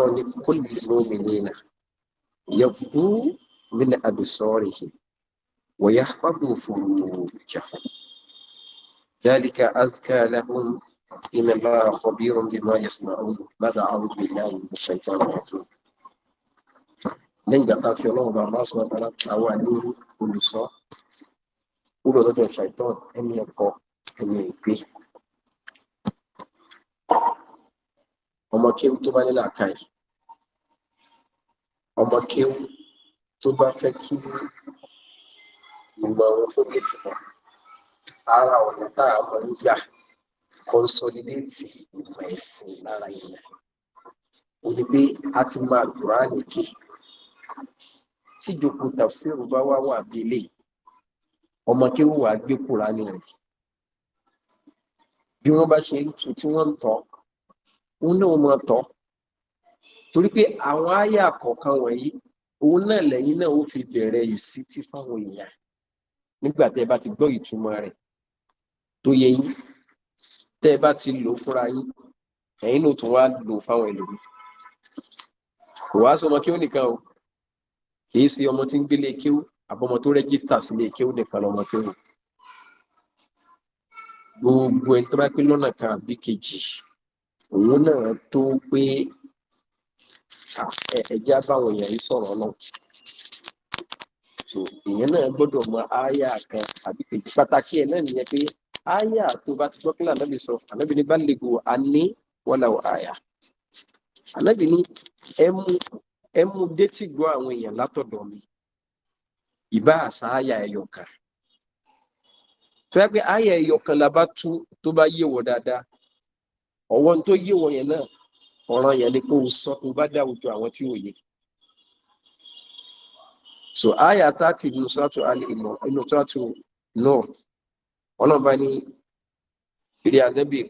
ọlọ́run ní kulli mu'minina yaghdhu min absarihim wa yahfadhu furujahum dhalika azka lahum inna Allaha khabirun bima yasna'un bàdà a'udhu billahi minash shaitanir rajim lẹ́yìn ìgbà tá a fi ọlọ́run bá máa sọ̀rọ̀ tọ́lá àwa ní olùsọ́ kúrò lọ́dọ̀ ṣàìtàn ẹni ẹ̀kọ́ ẹni ìgbé ọmọ kéwú tó bá ní làákàyè ọmọ kéwú tó bá fẹ́ kí ìmọ̀ òun tó lè túmọ̀ ara ọ̀nà tá a mọ̀ ń yà kọ́nsọ́lídéètì ìmọ̀ ẹ̀sìn lára ilẹ̀ ó ní pé a ti máa dùrá nìké tí ìjókòó tàfsírù bá wá wà bí ọmọ kéwú wàá gbé kúránì rẹ̀ bí wọ́n bá ṣe ń tu tí wọ́n ń tọ́ òun náà mọ̀ tọ́ torí pé àwọn àyà kọ̀ọ̀kan wọ̀nyí òun náà lẹ́yìn náà ó fi bẹ̀rẹ̀ ìsítí fáwọn èèyàn nígbà tẹ́ ẹ bá ti gbọ́ ìtumọ̀ rẹ̀ tó yẹ yín tẹ́ ẹ bá ti lò fúnra yín ẹ̀yin náà tún wá lò fáwọn ẹlòmíì kò wá sọmọ kí ó nìkan o kì ṣe ọmọ tí ń gbélé kéwú àbọmọ tó rẹ́gísítà sílé kéwú nìkan lọmọ kéwú gbogbo ẹni tó bá pín lọ́nà kan àbí kejì òun náà tó pé ẹjẹ́ báwọn èèyàn yìí sọ̀rọ̀ náà so èèyàn náà gbọ́dọ̀ mọ àyà kan àbí kejì pàtàkì ẹ̀ náà nìyẹn pé àyà tó bá ti gbọ́ pé lànàbì sọ ànàbì ní bá lè go àní wọ́lá àyà ànàbì ní ẹ mú détí gbọ́ àwọn èèyàn látọ̀dọ̀ mi ìbá àṣà àyà ẹ̀yọ̀ kan tó yẹ pé àyà ẹ̀yọ̀ kan tó bá yé wọ dáadáa ọwọ́ tó yé wọn yẹn náà ọ̀ràn yẹn ni pé o sọ bá àwùjọ àwọn tí so aya ya nínú sọ́tò alìmọ̀ nínú sọ́tò ọlọ́ba ní ìrìn àdẹ́bì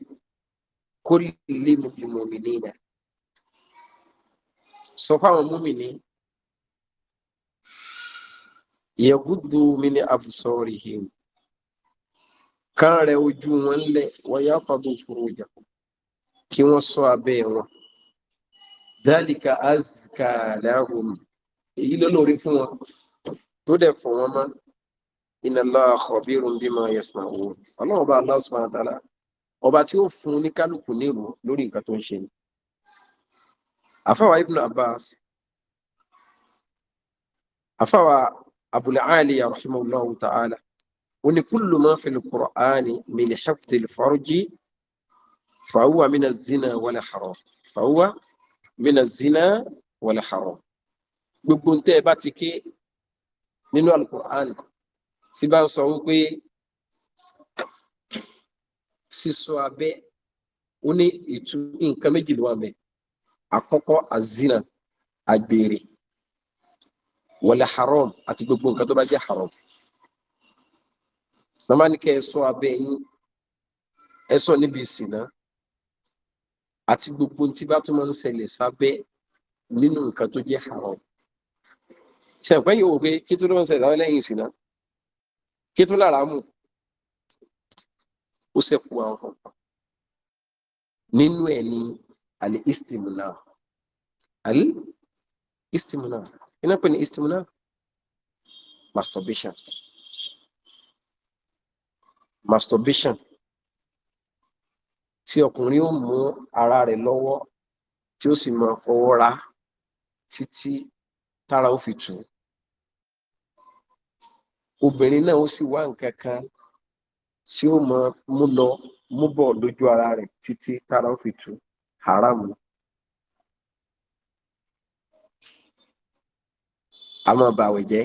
kórì ilé mọ̀mí nìyà sọ fáwọn múmi ní yẹgúdú mi ní rẹ ojú wọn lẹ wọ́n kí wọ́n ṣọ́ abẹ́ wọn dálìkà azka lahum èyí ló lórí fún wọn tó dẹ̀ fọ̀ wọ́n mọ́ inna Allaha khabirun bima yasna'un ọlọ́run bá Allah subhanahu wa ta'ala ọba tí ó fún ní kálukú nírò lórí nǹkan tó ń ṣe ni àfáwà Ibn Abbas àfáwà Abul Aliya rahimahullahu ta'ala ó ní kullu ma fil Qur'ani min hifdhil farji fàáwà mí na zina wàlẹ̀ haram fàáwà mí na zina wàlẹ̀ haram gbogbo ntẹ́ ẹ bá ti ké nínú alukur'an tí bá ń sọ wípé sísọ abẹ́ ó ní ìtú nǹkan méjì ló wà mẹ́ àkọ́kọ́ azina àgbèrè wọlé haram àti gbogbo nǹkan tó bá jẹ́ haram màmá ní kẹ́ ẹ sọ abẹ́ yín ẹ sọ níbi ìsìn náà àti gbogbo tí bá tún máa ń ṣẹlẹ̀ sábẹ́ nínú nǹkan tó jẹ́ haram ṣẹ̀pẹ́ yìí wò pé kí tó ló ń ṣẹlẹ̀ láwọn lẹ́yìn ìsìná kí tó lára mù ó ṣẹ̀kù àwọn nínú ẹ̀ ni àlẹ́ istimuna àlẹ́ istimuna iná pè ní istimuna masturbation masturbation tí ọkùnrin ó mú ara rẹ̀ lọ́wọ́ tí ó sì máa fọwọ́ ra títí tára ó fi tù obìnrin náà ó sì wá nǹkan kan tí ó máa mú lọ mú bọ̀ lójú ara rẹ̀ títí tára ó fi tù haramu a máa bàwẹ̀ jẹ́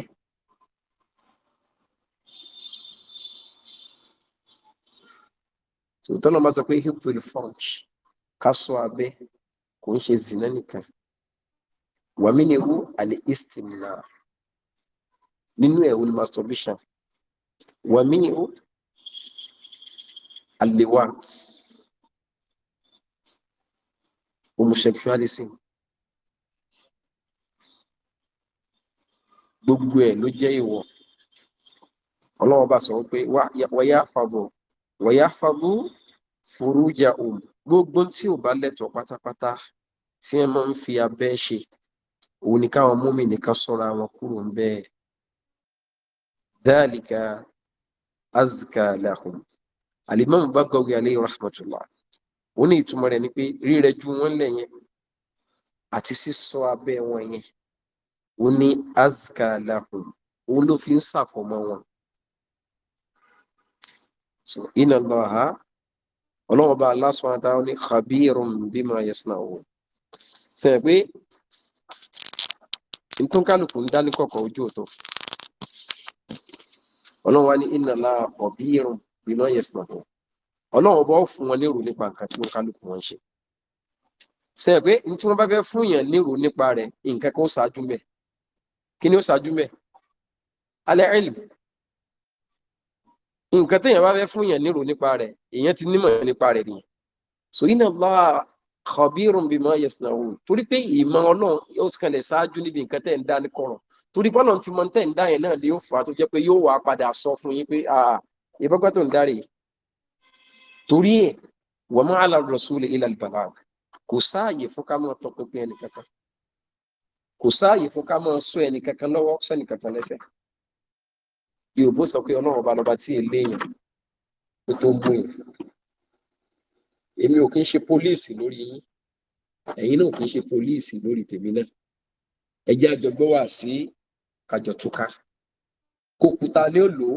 tòótọ́ náà bá sọ pé hip to the forge ká sọ abẹ́ kò ń ṣe zina nìkan wàmí ni wú àlè istimna nínú ẹ̀ wọ́n ni masturbation wàmí ni wú àlè wat homosexualism gbogbo ẹ̀ ló jẹ́ ìwọ̀ ọlọ́wọ́ bá sọ pé wáyà fàbọ̀ wọ̀yáfàmú fòrújà òun gbogbo tí ò bá lẹ́tọ̀ọ́ pátápátá tí ẹ máa ń fi abẹ́ ṣe òun ni káwọn mú mi nìkan sọ́ra wọn kúrò ń bẹ́ẹ̀ dáàlìkà azka lahum alimami Bagawi alayhi rahmatullah òun ní ìtumọ̀ rẹ̀ ni pé rírẹ ju wọn lẹ̀ àti sísọ abẹ́ wọn yẹn òun ní azka lahum òun ló fi ń ṣàfọ̀mọ́ wọn so iná lọ ha ọlọ́wọ́ bá aláṣọ ní khabirun bima yasnaun sẹ pé ntúnkálùkù ń dání kọ̀kọ̀ ojú ní iná la khabirun bima yasnaun ọlọ́wọ́ bá fún wọn lérò nípa nǹkan tí nkálùkù wọn ṣe wọn nǹkan téèyàn bá fẹ́ fún yàn nírò nípa rẹ̀ èèyàn ti nímọ̀ nípa rẹ̀ nìyẹn so inna Allaha khabirun bima yasnaun torí pé ìmọ̀ ọlọ́run yóò sì kànlẹ̀ ṣáájú níbi nǹkan tẹ̀ ń dá ní kọ̀rọ̀ torí pé ọlọ́run ti mọ tẹ̀ ń dá yẹn náà ni yóò fà á tó jẹ́ pé yóò wá padà sọ fún yín pé ìbọ́gbà tó ń dárè torí ẹ̀ wa ma ala rasuli illa kò sáàyè fún ká máa tọpinpin ẹnìkankan kò sáàyè fún ká máa sọ ẹnìkankan lọ́wọ́ sẹ́nìkankan lẹ́sẹ̀ Yorùbá sọ pé ọlọ́run ọba lọba tí eléyàn kó tó mú yìí èmi ò kí ń ṣe pólíìsì lórí yín ẹ̀yin náà ò kí ń ṣe pólíìsì lórí tèmi náà ẹ jẹ́ àjọgbọ́ wà sí àjọtúká kó kuta ní ò lò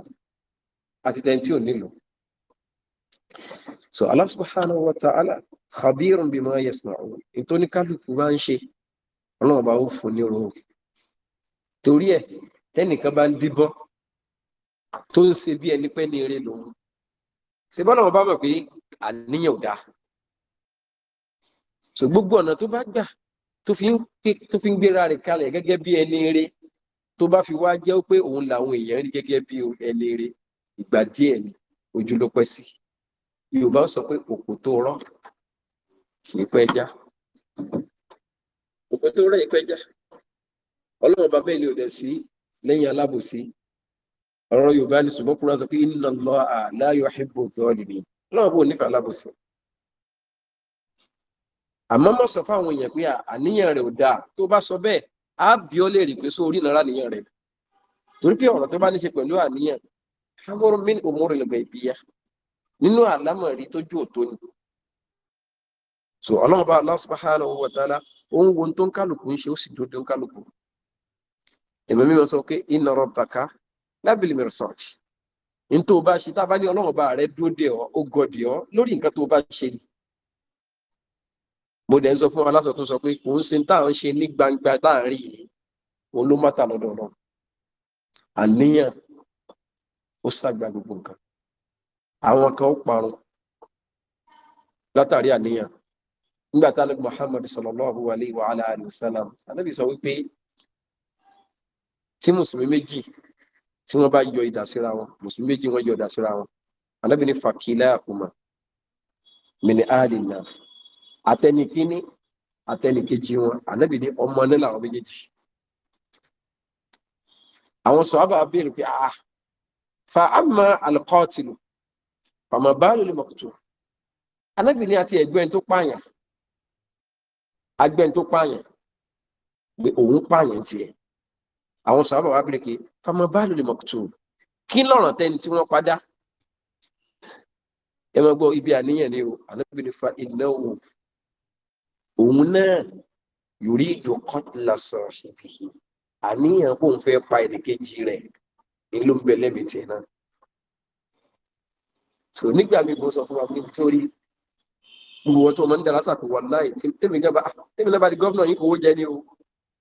àti tẹni tí ò nílò. so Allah subhanahu wa ta'ala khabirun bima yasna'un nítorí kálukú bá ń ṣe ọlọ́run ọba ó fún ní ro torí ẹ̀ tẹ́nìkan bá ń díbọ́n tó ń ṣe bí ẹni pẹ́ ní eré lòun ṣe bọ́lá wọn bá mọ̀ pé àníyàn ò dáa so gbogbo ọ̀nà tó bá gbà tó fi ń gbéra rẹ̀ kalẹ̀ gẹ́gẹ́ bí ẹni eré tó bá fi wá jẹ́ pé òun làwọn èèyàn rí gẹ́gẹ́ bí ẹni eré ìgbà díẹ̀ ni ojú ló pẹ́ sí Yorùbá sọ pé òkú tó rọ́ kì í pẹ́ já òkú tó rọ́ yìí pẹ́ já Ọlọ́run bàbá ilé ò dẹ̀ sí lẹ́yìn alábòsí ọ̀rọ̀ yorùbá ní ṣùgbọ́n kúrò sọ pé inna Allaha la yuhibbu adh-dhalimin lọ́wọ́ bó nífẹ̀ẹ́ alábòsí àmọ́ mọ́ sọ fáwọn èèyàn pé àníyàn rẹ̀ ò dáa tó bá sọ bẹ́ẹ̀ á bí ó lè rí pé sórí ìnara níyàn rẹ̀ torí pé ọ̀rọ̀ tó bá ní ṣe pẹ̀lú àníyàn hamurun min umuril ghaybiyah nínú àlámọ̀rí tójú òtó ni so ọlọ́run bá Allah subhanahu wa ta'ala ó tó ń kálukú ń ṣe ó sì dúdú ń kálukú èmi mímọ sọ pé inna rabbaka lábìlì mìíràn ní tó bá ṣe tábà ní ọlọ́run bá rẹ dúró dè ọ́ ó gọdì ọ́ lórí nǹkan tó bá ṣe ni mo dẹ̀ ń sọ fún aláṣọ tó sọ pé òun ṣe tá à ń ṣe ní gbangba láàrin yìí òun ló má ta lọ́dọ̀ ọ̀nà àníyàn ó ṣàgbà gbogbo nǹkan àwọn kan ó parun látàrí àníyàn nígbà tí alẹ́ Muhammad sallallahu alayhi wa alihi wa sallam anábì sọ wípé tí mùsùlùmí méjì tí wọ́n bá yọ ìdà síra wọn mùsùlùmí méjì wọ́n yọ ìdà síra wọn anábì ní fàkílà ọmọ mìíní áàlì náà àtẹnikíní àtẹnikejì wọn anábì ní ọmọ náà làwọn méjèèjì àwọn sọ̀hábà béèrè pé àà ah, fa àmà alqatilu fàmà báàlù lè mọ̀kútù anábì ní àti ẹgbẹ́ tó pààyàn agbẹ́ tó pààyàn pé òun pààyàn tiẹ̀ àwọn sàábà wá bèrè pé fama báàlù lè mọ̀kútù kí lọ́rọ̀ tẹ́ni tí wọ́n padà ẹ máa gbọ́ ibi àníyàn ni o ànábì ní fa iná o òun náà yòrí ìjọ kọ́tìlá sọ̀rọ̀ síbi yìí àníyàn kò ń fẹ́ pa ẹnìkejì rẹ̀ ni ló ń bẹ lẹ́mìí tiẹ̀ náà so nígbà mi mo sọ fún wa pé nítorí ìwọ tó máa ń dára sàkó wà láì tèmi ah, náà bá di gọ́vnà yín kò wó jẹ ní o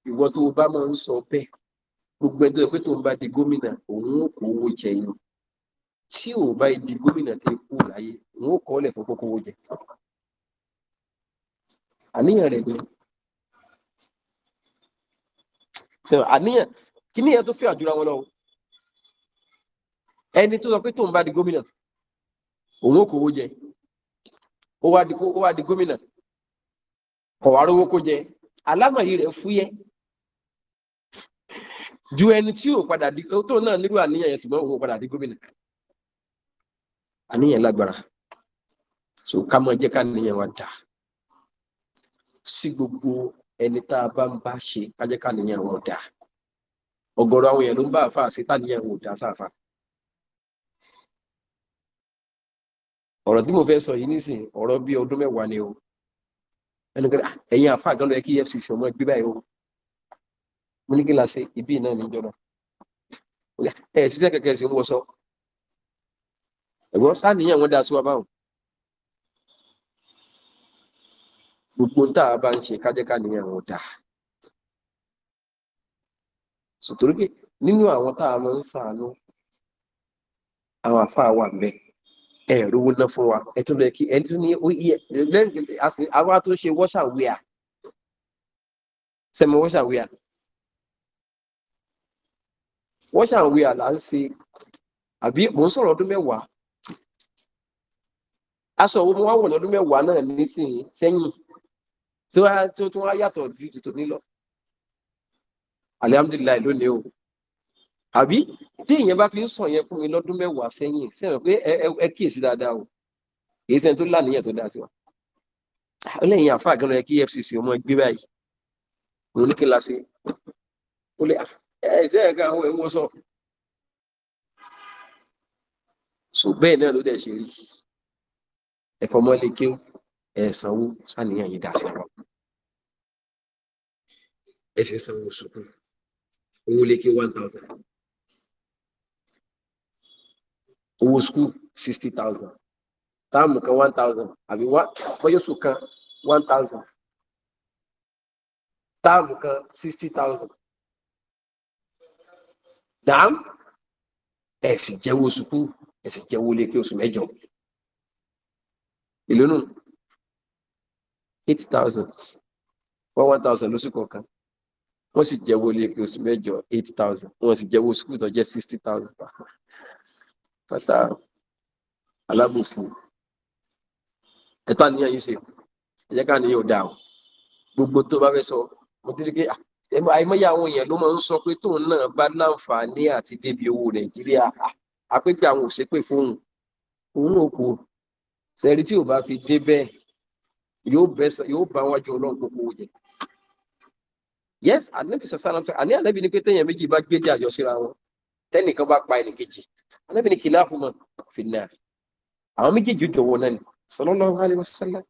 ìwọ tó bá máa ń sọ bẹ́ẹ̀ gbogbo ẹni tó yẹ pé tó ń bá di gómìnà òun ó kó owó jẹ yín tí ò bá di gómìnà tó kú láyé òun kọ́ ọ́ lẹ̀ jẹ àníyàn rẹ̀ ni àníyàn kí níyàn tó àdúrà wọn lọ́wọ́ ẹni ju ẹni tí ò padà di tó náà nírú àníyàn yẹn ṣùgbọ́n òun padà di gómìnà àníyàn lágbára so ká mọ jẹ́ ká níyàn wa dà sí gbogbo ẹni tá a bá ń bá ṣe ká jẹ́ ká níyàn wa dà ọ̀gọ̀rọ̀ àwọn èèyàn ló ń bá àfa àṣetá níyàn wa dà sáfà. ọ̀rọ̀ tí mo fẹ́ sọ yìí nísìn ọ̀rọ̀ bí ọdún mẹ́wàá ni o ẹnìkan ah, ẹ̀yin àfa àgọ́lọ́ yẹ EFCC ọmọ ẹgbẹ́ báyìí mílíkìlá ṣe ibi náà níjọba ẹ ṣiṣẹ́ kẹ̀kẹ́ ṣe ń wọṣọ ẹ̀gbọ́n sáníyàn wọ́n dá sí wa báwọn gbogbo ń tàà bá ń ṣe kájẹ́ká níyàn wọn dá sòtòrí pé nínú àwọn a mọ́ ń sàánú àwọn àfáà wà mẹ́ ẹ rówó ná fún wa ẹ tún bẹ kí ẹni tún ní ó yẹ lẹ́yìn àwa tó ṣe wọ́ṣà wíà sẹ́mi wọ́ṣà wíà wọ́n ṣàwé àlà ń ṣe àbí mò ń sọ̀rọ̀ ọdún mẹ́wàá aṣọ wo mo wá wọ̀ lọ́dún mẹ́wàá náà nísìnyí sẹ́yìn tí wọ́n tó tún wá yàtọ̀ ju tuntun nílọ alihamudulilayi lónìí o àbí tí ìyẹn bá fi ń sọ yẹn fún mi lọ́dún mẹ́wàá sẹ́yìn sẹ́yìn pé ẹ kíyèsí dáadáa o èyí sẹ́yìn tó lánìyàn tó dáa sí wa lẹ́yìn àfáà gan-an kí EFCC ọmọ gbé báyìí òun ní kí n la ó lè àfáà ẹ̀ẹ́sẹ̀ ẹ̀ka àwọn ẹ̀wọ́ sọ so bẹ́ẹ̀ náà ló dẹ̀ ṣe rí ẹ̀fọ́mọ́lé kí ẹ̀ẹ̀sanwó sàníyàn yìí dá sí àwọn ẹ̀sìn sanwó sùkú owó lé kí one thousand owó sùkú sixty thousand táàmù kan one thousand àbí wọ́yọ̀sù kan one thousand táàmù kan sixty thousand dàm ẹ sì jẹ́wó sùkú ẹ sì jẹ́wó lé kí oṣù mẹ́jọ ìlú nù eight thousand wọ́n one thousand lóṣù kọ̀ọ̀kan wọ́n sì jẹ́wó lé kí oṣù mẹ́jọ eight thousand wọ́n sì jẹ́wó sùkú tó jẹ́ sixty thousand pátá alábòsí ẹ̀tọ́ àníyàn yìí ṣe ẹ̀jẹ̀ ká àníyàn ò dáa gbogbo tó bá fẹ́ sọ mo ti pé ah àìmọye àwọn èèyàn ló máa ń sọ pé tóun náà bá láǹfààní àti débi owó nàìjíríà àpépé àwọn òṣèpè fóun òun ò kú sẹ́rí tí ò bá fi dé bẹ́ẹ̀ yóò bẹ́sẹ̀ yóò bá wájú ọlọ́run gbogbo jẹ yes anabi sasana tó àní anabi ni pé téèyàn méjì bá gbé dé àjọṣíra wọn tẹnìkan bá pa ẹnìkejì anabi ni kìlá fún wọn fìlà àwọn méjèèjì dọwọ náà ni sallallahu alaihi wasallam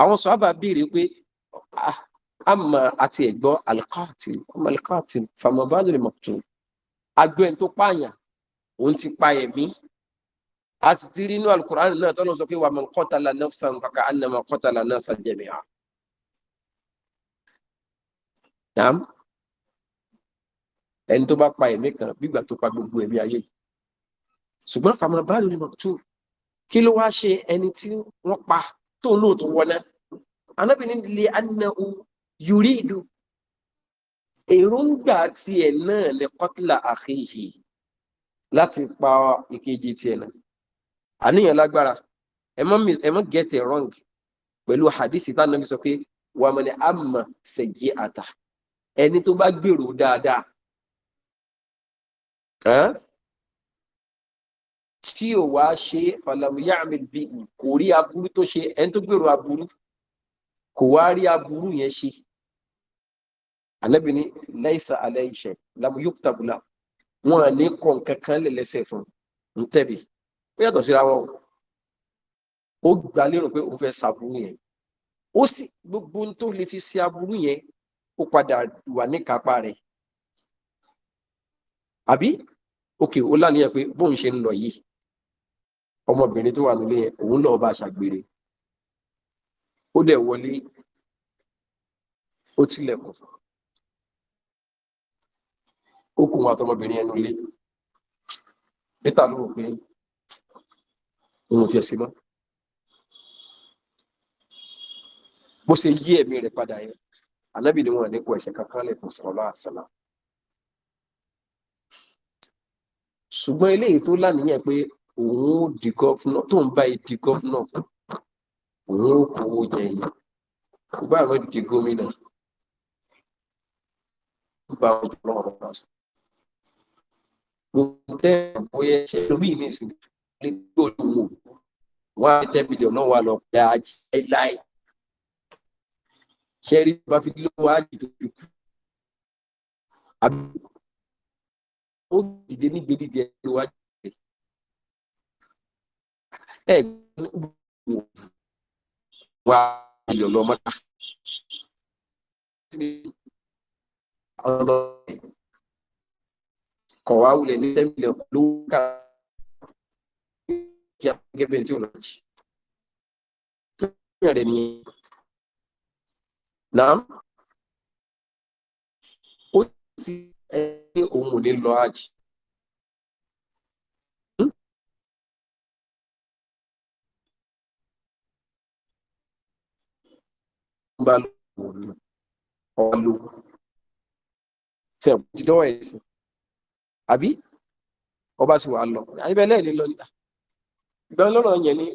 àwọn sọ àmọ́ àti ẹ̀gbọ́ alqatil àmọ́ alqatil famabalu lè mọ̀tún agbẹ́ tó pààyàn òun ti pa ẹ̀mí a sì ti rí inú alukur'an náà tọ́lọ́ sọ pé wà man qatala nafsan faka annama qatala nasan jami'a. Naam ẹni tó bá pa ẹ̀mí kan bígbà tó pa gbogbo ẹ̀mí ayé ṣùgbọ́n famabalu lè mọ̀tún kí ló wá ṣe ẹni tí wọ́n pa tóun náà tó wọná anábìnrin lè annahu yùrídù èròǹgbà tiẹ̀ náà lè kọ́tìlà àkèyí láti pa ìkejì tiẹ̀ náà àníyàn lágbára ẹ mọ́ get it wrong pẹ̀lú hadith tá nàbí sọ pé wà mọ̀ ní àmà sẹ̀jẹ̀ àtà ẹni tó bá gbèrò dáadáa tí ò wá ṣe fàlàmù yàmì bí kò rí aburú tó ṣe ẹni tó gbèrò aburú kò wá rí aburú yẹn ṣe alẹ́bìnrin láìsà alẹ́ iṣẹ́ lamu yóò tabula wọn à ní kọ̀ kankan lẹ́lẹ́sẹ̀ fún un tẹ̀bi ó yàtọ̀ síra wọn o ó gbà lérò pé ó fẹ́ sàbúrú yẹn ó sì gbogbo ohun tó lè fi ṣe aburú yẹn ó padà wà ní kápá rẹ̀ àbí òkè ó lálẹ́ yẹn pé bóun ṣe ń lọ yìí ọmọbìnrin tó wà nílé yẹn òun lọ́ọ́ bá ṣàgbére ó dẹ̀ wọlé ó tilẹ̀kùn ó kùn wọn àtọmọbìnrin ẹnu ilé níta ló rò pé òun ti ẹ̀sìn mọ́ bó ṣe yí ẹ̀mí rẹ̀ padà yẹn ànábì ni wọn nípò ẹ̀ṣẹ̀ kankan lè fún sọ̀rọ̀ àṣàlà ṣùgbọ́n eléyìí tó lánìyàn pé òun ó di gọ́fúnà tó ń bá di gọ́fúnà fún òun ó kówó jẹ àwọn di gómìnà kò àwọn jùlọ ọ̀rọ̀ náà sọ. gbogbo tẹ́ bóyá ṣe lómìn ní ìsìn lè gbé wá ten million náà wà lọ pé ajé láì ṣe rí bá fi lówó ájì tó fi kú ó dìde ní gbèdéde ẹgbẹ́ wájú ẹ̀ gbọ́dọ̀ wá ilẹ̀ lọ mọ́tà. kọ̀ wá wulẹ̀ ní ẹ̀mílẹ̀ lówó ká kí a gẹ́gẹ́ bẹ́ẹ̀ tí ò lọ jì. Kí ni ẹ̀rẹ̀ nìyẹn? Nàá ó sì ẹni òun ò ní lọ àjì. bá lò ní ọlọ tẹ̀wọ́n ti dọ́wọ́ ẹ̀sìn àbí ọba sì wà lọ àyíbẹ̀ lẹ́ẹ̀ni lọ nígbà ìgbà lọ́nà yẹn ni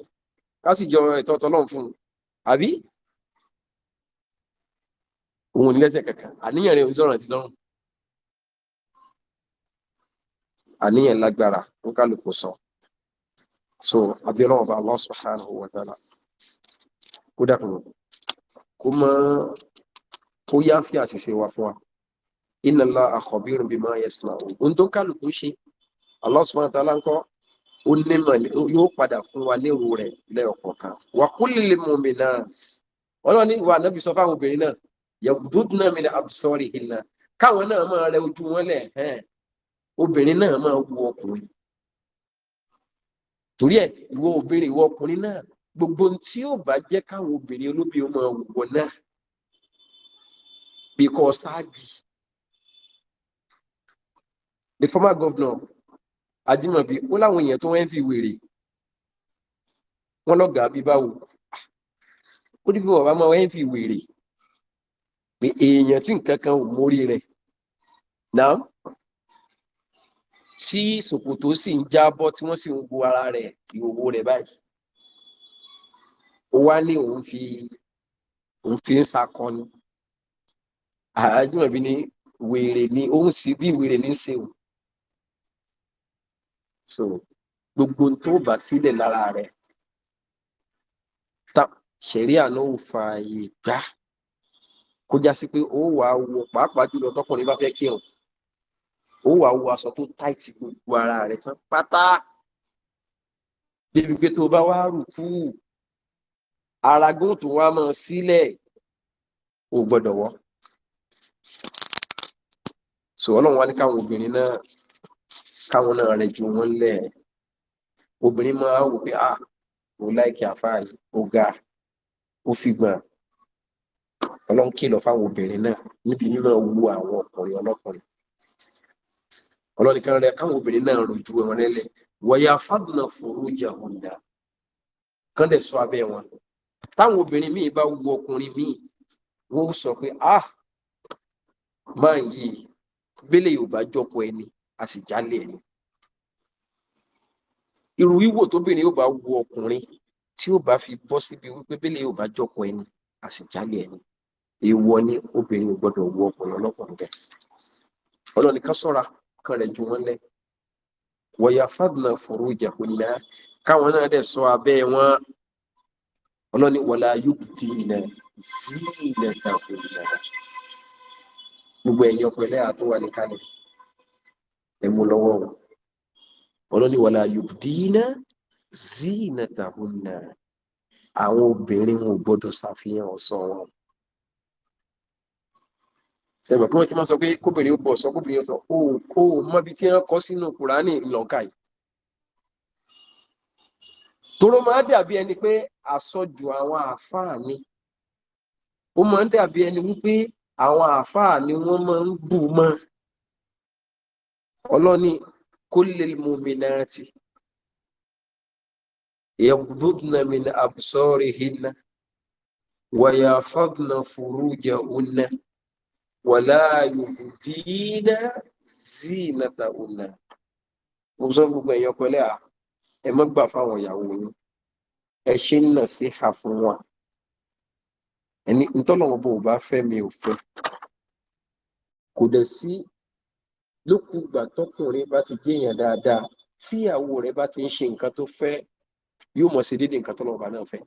ká sì jọ ẹ̀tọ́ tọ́lọ́ fún un àbí òun ní lẹ́sẹ̀ kankan àníyàn rẹ̀ sọ̀rọ̀ sí lọ́rùn àníyàn lágbára ó kálukú sọ so abẹ́rẹ́ ọba Allah subhanahu wa ta'ala kó dàkùnrin kó mọ́ kó yá fi àṣìṣe wa fún wa inna Allaha khabirun bima yasna'un ohun tó kálukú ṣe Allah subhanahu wa ta'ala ń kọ́ ó nímọ̀ yóò padà fún wa lérò rẹ̀ lẹ́ọ̀kọ̀ọ̀kan wa kullil mu'minat ọlọ́run ní ìwà ànábì sọ fáwọn obìnrin náà yaghdudna min absarihinna káwọn náà máa rẹ ojú wọn lẹ̀ obìnrin náà máa wo ọkùnrin torí ẹ̀ ìwọ obìnrin ìwọ ọkùnrin náà gbogbo tí ó bá jẹ́ káwọn obìnrin olóbi ọmọ wọ̀ náà bí kò ṣáàgì the former governor Ajimobi ó láwọn èèyàn tó ń fi wèrè wọn lọ́gàá bí báwo ó ní bí bàbá máa ń fi wèrè pé èèyàn tí nǹkan kan ò mórí rẹ̀ náà tí ṣòkòtò sì ń jábọ́ tí wọ́n sì ń bo ara rẹ̀ ìhòòhò rẹ̀ báyìí ó wá ní òun fi òun fi ń sakọni àjùmọ̀bí ni wèrè ni òun sì bí wèrè ní í ṣe òun so gbogbo tó bá sílẹ̀ lára rẹ̀ tá ṣẹ̀ríà ló ń fa ààyè gbá kó já sí pé ó wàá wọ pàápàá jùlọ tọkùnrin bá fẹ́ kírun ó wàá wọ aṣọ tó táìtì gbogbo ara rẹ̀ tán pátá débi pé tó bá wá rù kúù aragún tó wá mọ́ sílẹ̀ ò gbọ́dọ̀ wọ́ so ọlọ́run wá ní káwọn obìnrin náà káwọn náà rẹ̀ ju wọn lẹ̀ obìnrin máa wò pé ah mo láìkí àfáàní ó ga ó fi gbọ̀n ọlọ́run kìlọ̀ fáwọn obìnrin náà níbi mímọ́ wu àwọn ọkùnrin ọlọ́kùnrin ọlọ́run kan rẹ̀ káwọn obìnrin náà rojú wọn lẹ́lẹ̀ wọ́yà fàdùnà fòrújà hùndà kán dẹ̀ sọ abẹ́ wọn táwọn obìnrin míì bá wu ọkùnrin míì wọ́n sọ pé ah máa ń yí bẹ́lẹ̀ yorùbá jọpọ ẹni a sì jálé ẹni irú wíwò tóbìnrin yóò bá wu ọkùnrin tí yóò bá fi bọ́ síbi wípé bẹ́lẹ̀ yorùbá jọpọ ẹni a sì jálé ẹni èèwọ̀ ni obìnrin gbọ́dọ̀ wu ọkùnrin ọlọ́kùnrin bẹ́ẹ̀ ọlọ́ni ká sọ́ra kan rẹ̀ ju wọ́n lẹ̀ wọ̀yà fadlan furuja hunna káwọn náà dẹ̀ ọlọ́ni wọlá yóò tí ilẹ̀ sí ilẹ̀ tàbí ilẹ̀ gbogbo ẹ̀yìn ọkọ̀ ilẹ̀ àti wà ní kálẹ̀ ẹ̀mú lọ́wọ́ wọn ọlọ́ni wọlá yóò tí ilẹ̀ sí ilẹ̀ tàbí ilẹ̀ àwọn obìnrin wọn ò gbọ́dọ̀ ṣàfihàn ọ̀ṣọ́ wọn sẹ́gbẹ̀ kí wọ́n ti máa sọ pé kóbìnrin ó bọ̀ sọ kóbìnrin ó sọ kó o mọ́bi tí wọ́n kọ́ sínú kùránì ńlọ́ka yìí tóró máa dàbí ẹni pé àsọjù àwọn àáfàá ni ó máa ń dàbí ẹni wípé àwọn àáfàá ni wọ́n máa ń bù mọ́ ọlọ́ni kullil mu'minati yaghdudna min absarihinna wa yahfazna furujahunna wa la yubdina zinatahunna mo sọ gbogbo ẹ̀yàn pẹ̀lẹ́ àá ẹ má gbà fáwọn ìyàwó yín ẹ ṣe ń nà sí ha fún wa ẹni ntọ́lọ́wọ́ bò bá fẹ́ mi ò fẹ́ kò dẹ̀ sí lókùgbà tọkùnrin bá ti jẹ́yàn dáadáa tíyàwó rẹ̀ bá ti ń ṣe nǹkan tó fẹ́ yóò mọ̀ sí dédé nǹkan tọ́lọ́wọ́ bá náà fẹ́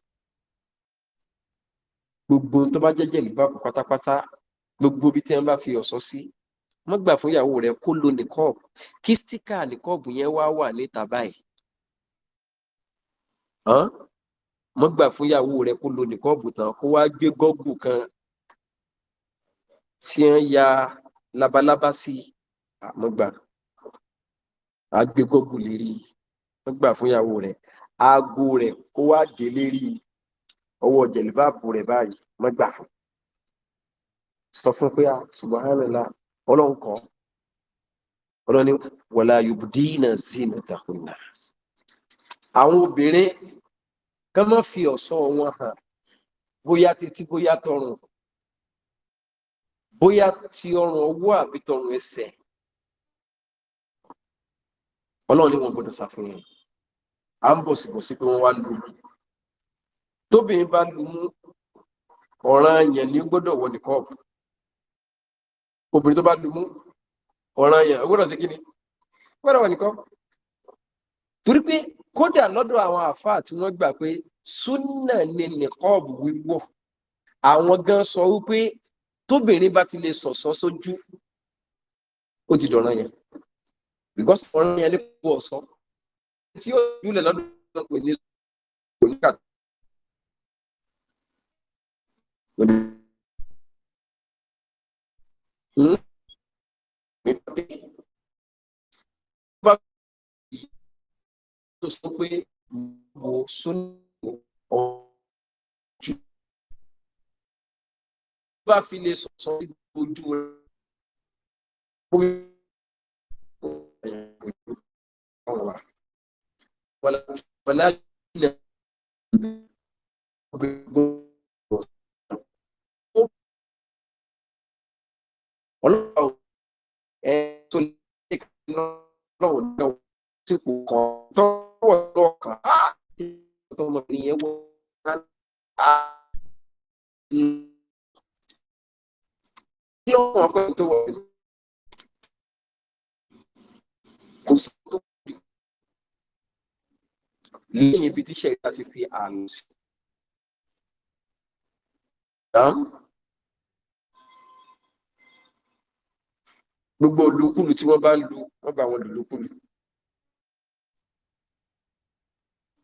gbogbo tó bá jẹ́jẹ́ ìbáàbò pátápátá gbogbo bí tí wọ́n bá fi ọ̀ṣọ́ sí má fún ìyàwó rẹ̀ kó lo nìkọ́ọ̀bù kí stíkà nìkọ́ọ̀bù yẹn wá wà níta báyìí hàn mọ́ gbà fún ìyàwó rẹ kó lo nìkọ́ọ̀bù tán kó wá gbé gọ́gù kan tí wọ́n ya labalábá sí àmọ́ gbà á gbé gọ́gù lérí mọ́ gbà fún ìyàwó rẹ aago rẹ kó wá dé lérí ọwọ́ jẹ̀lẹ́báàbù rẹ báyìí mọ́ gbà sọ fún pé a ah, subahánilá ọlọ́nkọ́ ọlọ́ni wàlá yubdina zinatahunna àwọn obìnrin kán má fi ọ̀ṣọ́ wọn hàn bóyá títí bóyá tọrùn bóyá ti ọrùn ọwọ́ àbí tọrùn ẹsẹ̀ ọlọ́run ní wọn gbọdọ̀ ṣàfihàn à ń bọ̀ síbò sí pé wọ́n wá lu tóbìnrin bá lu mú ọ̀ràn yẹn ni gbọ́dọ̀ wọ nìkọ́ọ̀bù obìnrin tó bá lu mú ọ̀ràn yẹn ó gbọ́dọ̀ sí kí ni gbọ́dọ̀ wọ nìkọ́ọ̀bù torí pé kódà lọ́dọ̀ àwọn àfáà tí wọ́n gbà pé súnà ni nìkọ́ọ̀bù wíwọ̀ àwọn gan sọ wípé tóbìnrin bá ti lè sọ̀sọ́ sójú ó ti dọ̀ràn yẹn because ọ̀ràn yẹn lè kó ọ̀sọ́ tí ó júlẹ̀ lọ́dọ̀ wọn kò ní kò ní kàtó. Mm-hmm. tó sọ pé mo sóní ọ̀jú bá fi lè sọ̀sọ́ sí ojú rẹ̀ wọ́lá ilẹ̀ ọlọ́pàá ẹ̀ tó lè lọ́wọ́ sípò kan tó wọ̀ lọ́kàn á ọmọbìnrin yẹn wọ̀ á kí ọmọ ọkọ tó wọ̀ kò sí tó wọ̀ lẹ́yìn ibi tíṣẹ́ ìta ti fi àmì sí. Gbogbo olùkúlù tí wọ́n bá ń lu, wọ́n bá wọn lùlùkúlù.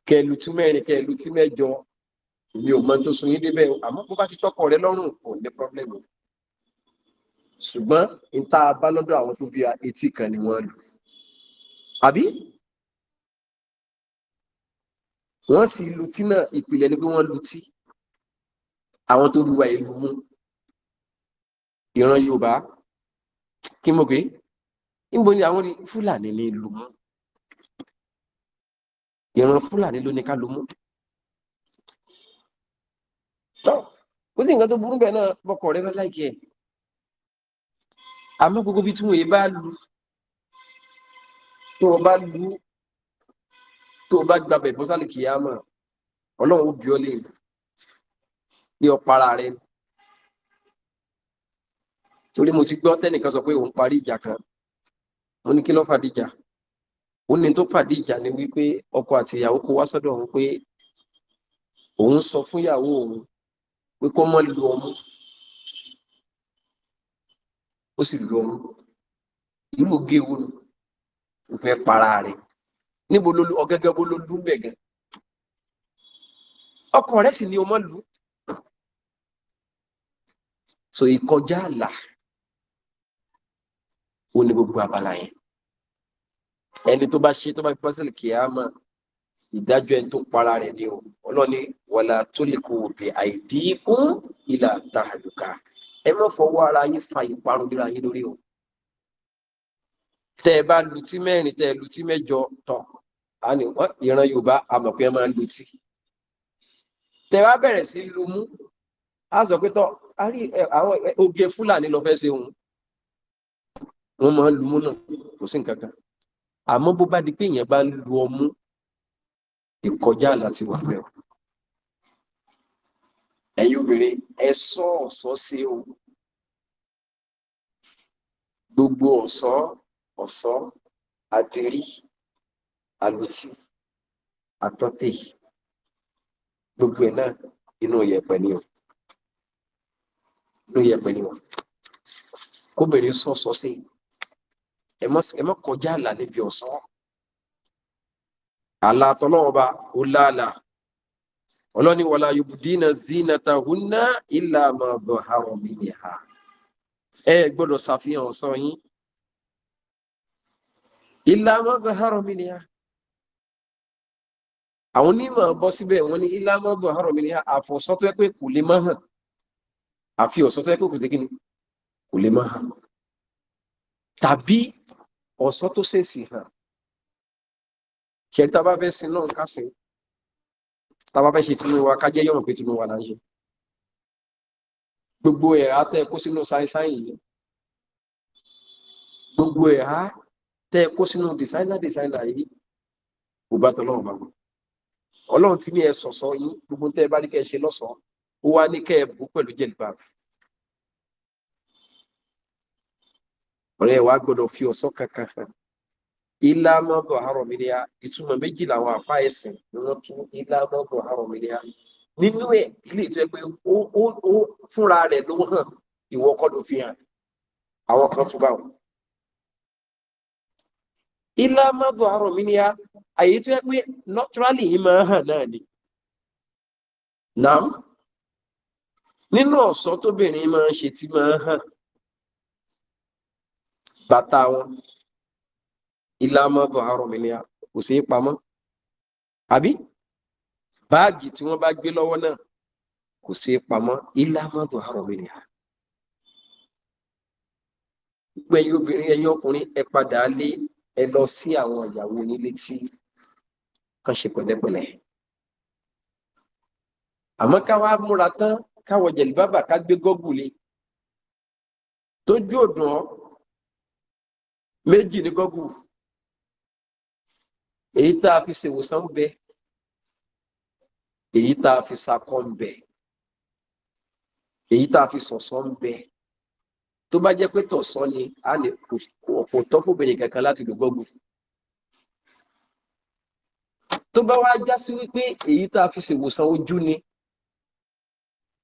kẹlu tú mẹ́rin kẹlu tí mẹ́jọ mi ò mọ tó sun yín débẹ̀ àmọ́ bó bá ti tọkọ rẹ lọ́rùn kò ní pọ́blẹ́mù ṣùgbọ́n n ta bá lọ́dọ̀ àwọn tó bí etí kan ni wọ́n lù àbí wọ́n sì lu tí náà ìpìlẹ̀ ni pé wọ́n lu tí àwọn tó luwa ìlú mú ìran Yorùbá kí mo gbé níbo ni àwọn Fúlàní ni lu mú ìran fúlàní ló ní ká ló mú ó sì nǹkan tó burú bẹ́ẹ̀ náà bọ́kọ rẹ bá láìkí ẹ̀ àmọ́ gbogbo bí tí wọ́n bá lu tó bá lu tó bá gbàbẹ̀ bọ́sálì kìyàmọ̀ ọlọ́run ó bí ọ lè bí ọ para rẹ torí mo ti gbọ́ tẹ́nìkan sọ pé òun parí ìjà kan mo ní kí ló fàdíjà ó ní tó pàdé ìjà ni wípé ọkọ àti ìyàwó kó wá sọ́dọ̀ òun pé òun sọ fún ìyàwó òun pé kó mọ́ lu ọmú ó sì lu ọmú irú oge wo ni ó fẹ́ para rẹ̀ níbo ló ọ̀gẹ́gẹ́ bó ló lú ń bẹ̀ gan ọkọ rẹ̀ sì ni o mọ́ lu so ìkọjá àlà ó ní gbogbo abala yẹn ẹni tó bá ṣe tó bá fi pásẹ̀lì kìámà ìdájọ́ ẹni tó para rẹ̀ ni o ọlọ́ni wàlà tó lè kó òbí àìdíkún ìlà tàhàdùkà ẹ má fọwọ́ ara yín fa ìparun léra yín lórí o tẹ ẹ bá lutí mẹ́rin tẹ ẹ lutí mẹ́jọ tán á ní ìran Yorùbá àmọ̀ pé ẹ máa ń lutí tẹ wá bẹ̀rẹ̀ sí lu mú sọ pé tọ́ àwọn oge Fúlàní lọ fẹ́ ṣe òun wọ́n máa ń náà kò sí nǹkan kan àmọ́ bó bá di pé èèyàn bá lu ọmú ìkọjá láti wà fẹ́ o ẹ̀yin obìnrin ẹ sọ ọ̀sọ́ sí o gbogbo ọ̀sọ́ ọ̀sọ́ àdérí àlùtí àtọ́tẹ̀ gbogbo ẹ̀ náà inú yẹ̀pẹ̀ ni o inú yẹ̀pẹ̀ ni o kóbìnrin sọ̀sọ́ sí i. ẹ mọ́ kọjá àlà níbi ọ̀sán àlà àtọ́lọ́ọba ó láàlà ọlọ́ni wala yubdina zinatahunna illa ma dhahara minha ẹ e, gbọ́dọ̀ ṣàfihàn ọ̀sán yín illa ma dhahara àwọn onímọ̀ bọ́ síbẹ̀ àfọ̀sọ́tọ́ pé kò lè hàn pé kò sí kí ni kò lè hàn tàbí ọ̀sán tó ṣèṣì hàn a tàbá fẹ́ sin náà kásẹ̀ tàbá fẹ́ ṣe tí mo wà kájẹ́ yọ̀rọ̀ pé tí mo wà náà ṣe gbogbo ẹ̀há tẹ́ kó sínú sáyẹ́sáyẹ́ yìí gbogbo ẹ̀há tẹ́ kó sínú dìsáínà dìsáínà yìí kò bá tọ́lọ́run bá wọn ọlọ́run ti ní ẹ sọ̀sọ́ yín gbogbo tẹ́ bá ní kẹ́ ṣe lọ́sọ̀ọ́ ó wá ní kẹ́ ẹ bú pẹ̀lú jẹ̀lúbàbù ọ̀rẹ́ wa gbọ́dọ̀ fi ọ̀sọ́ kankan hàn ilá mọ́gọ̀ àrọ̀mìnira ìtumọ̀ méjì làwọn àfa ẹ̀sìn ni wọ́n tún ilá mọ́gọ̀ àrọ̀mìnira nínú ẹ̀ ilé ìtọ́ ẹ ó fúnra rẹ̀ ló hàn ìwọ fi àwọn kan tún bá wọn. ilá àrọ̀mìnira àyè tó pé yìí máa hàn nínú ọ̀sán tóbìnrin máa ń ṣe tí máa hàn. bàtà wọn ilá mọ́ bọ̀ àrọ̀ mi ni kò sí pamọ́ àbí báàgì tí wọ́n bá gbé lọ́wọ́ náà kò sí pamọ́ ilá mọ́ bọ̀ àrọ̀ ni gbogbo ẹ̀yin obìnrin ẹ̀yin ọkùnrin ẹ padà lé ẹ lọ sí àwọn ìyàwó onílé tí kan ṣe pẹ̀lẹ́pẹ̀lẹ́ àmọ́ ká múra tán káwọ jẹ̀lú bàbà ká gbé gọ́gùlé tójú òdùn ọ́ méjì ní gọ́gù èyí tá a fi ṣèwòsàn ń bẹ èyí tá a fi sakọ ń bẹ èyí tá a fi sọ̀sọ́ ń bẹ tó bá jẹ́ pé tọ̀sọ́ ni a lè kò tọ́ fóbìnrin kankan láti lò gọ́gù tó bá wá já sí wípé èyí tá a fi ṣèwòsàn ojú ni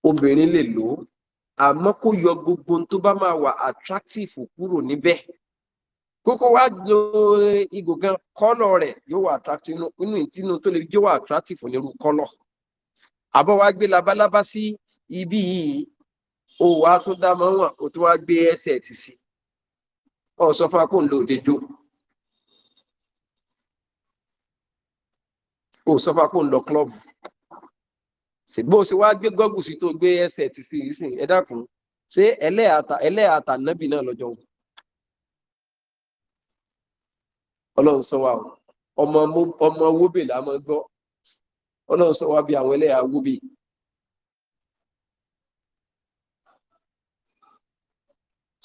obìnrin lè lò ó àmọ́ kó yọ gbogbo tó bá máa wà attractive kúrò níbẹ̀ kókó wá lo ìgò gan kọ́lọ̀ rẹ̀ yóò wà attractive inú ìtinú tó lè jẹ́ wà attractive fún irú kọ́lọ̀ àbọ̀ wá gbé labalábá sí ibi yìí òwò á tún dá mọ́ wọn kó tó wá gbé ẹsẹ̀ ti sí ọ sọ fún akóhùn ló dé jó ò sọ fún akóhùn lọ klọ́ọ̀bù ṣùgbọ́n ó sì wá gbé gọ́gùsì tó gbé ẹsẹ̀ ti sí yìí sìn ẹ dákun ṣé ẹlẹ́àtà ẹlẹ́àtà nábì náà lọ́jọ́ wọn. ọlọ́run sọ wa o ọmọ ọmọ wóbè là máa gbọ́ ọlọ́run sọ wa bí àwọn ẹlẹ́yà wóbè.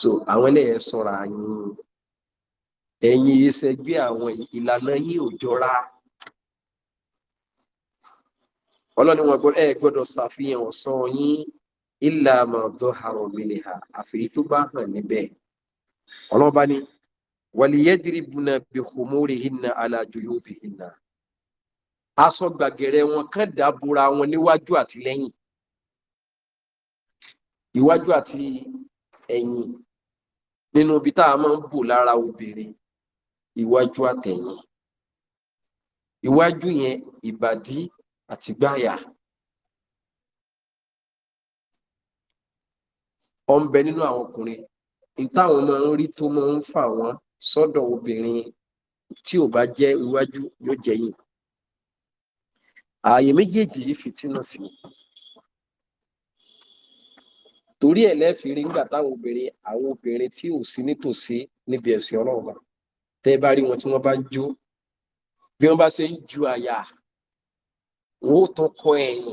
so àwọn ẹlẹ́yà sọ̀rọ̀ àyìn ẹ̀yin iṣẹ́ gbé àwọn ìlànà yín ò jọra ọlọ́ni wọn gbọ́dọ̀ ẹ gbọ́dọ̀ ṣàfihàn ọ̀sán yín ìlànà dọ́hàrọ̀ mi nìhà àfẹ́yí tó bá hàn níbẹ̀ ọlọ́ba ni wàlíyẹ́dìrìbùnà bí khumurihinna ala juyubihinna aṣọ gbàgẹ̀rẹ̀ wọn kàn dábòra wọn níwájú àti lẹ́yìn ìwájú àti ẹ̀yìn nínú ibi tá a máa ń bò lára obìnrin ìwájú àtẹ̀yìn ìwájú yẹn ìbàdí àti gbáyà ó ń bẹ nínú àwọn ọkùnrin ní máa ń rí tó máa ń fà wọ́n sọ́dọ̀ obìnrin tí ò bá jẹ́ iwájú yóò jẹ́ yìn ààyè méjèèjì yìí fìtínà sí torí ẹ̀ lẹ́fìrí ńgbà táwọn obìnrin àwọn obìnrin tí ò sí nítòsí níbi ẹ̀sìn ọlọ́run bá tẹ́ bá rí wọn tí wọ́n bá ń jó bí wọ́n bá ṣe ń ju àyà wọn ò tán kọ ẹ̀yìn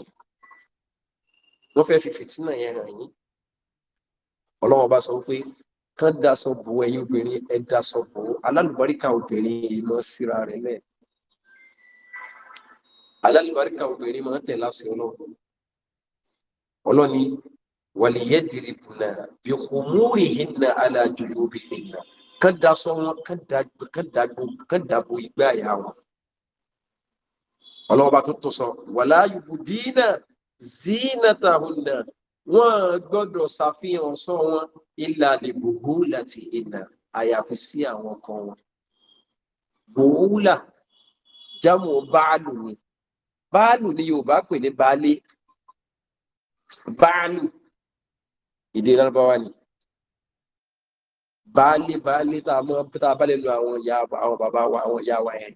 wọ́n fẹ́ fi fìtínà yẹn hàn yín ọlọ́run bá sọ pé kán daṣọ bò ẹ̀yin obìnrin ẹ daṣọ bò alálùbáríkà obìnrin yìí mọ́ síra rẹ̀ lẹ̀ alálùbáríkà obìnrin máa ń tẹ̀ láṣẹ ọlọ́run ọlọ́ni wàlíyé diribuna bí kòmúrì hinna alájòyè obìnrin náà kán daṣọ wọn kán dàgbò ìgbà àyà wọn ọlọ́wọ́ bá tó tó sọ wàlá yubudina zínátà hunna wọ́n gbọ́dọ̀ ṣàfihàn ọ̀ṣọ́ wọn ilà lè bòhúlà ti ìnà àyàfi sí àwọn ọkọ wọn bòhúlà jámù báàlù ni báàlù ni Yorùbá pè ní baálé báàlù èdè lárúbáwá ni baálé baálé tá a bá lè lo àwọn ìyá àwọn bàbá wa àwọn ìyá wa yẹn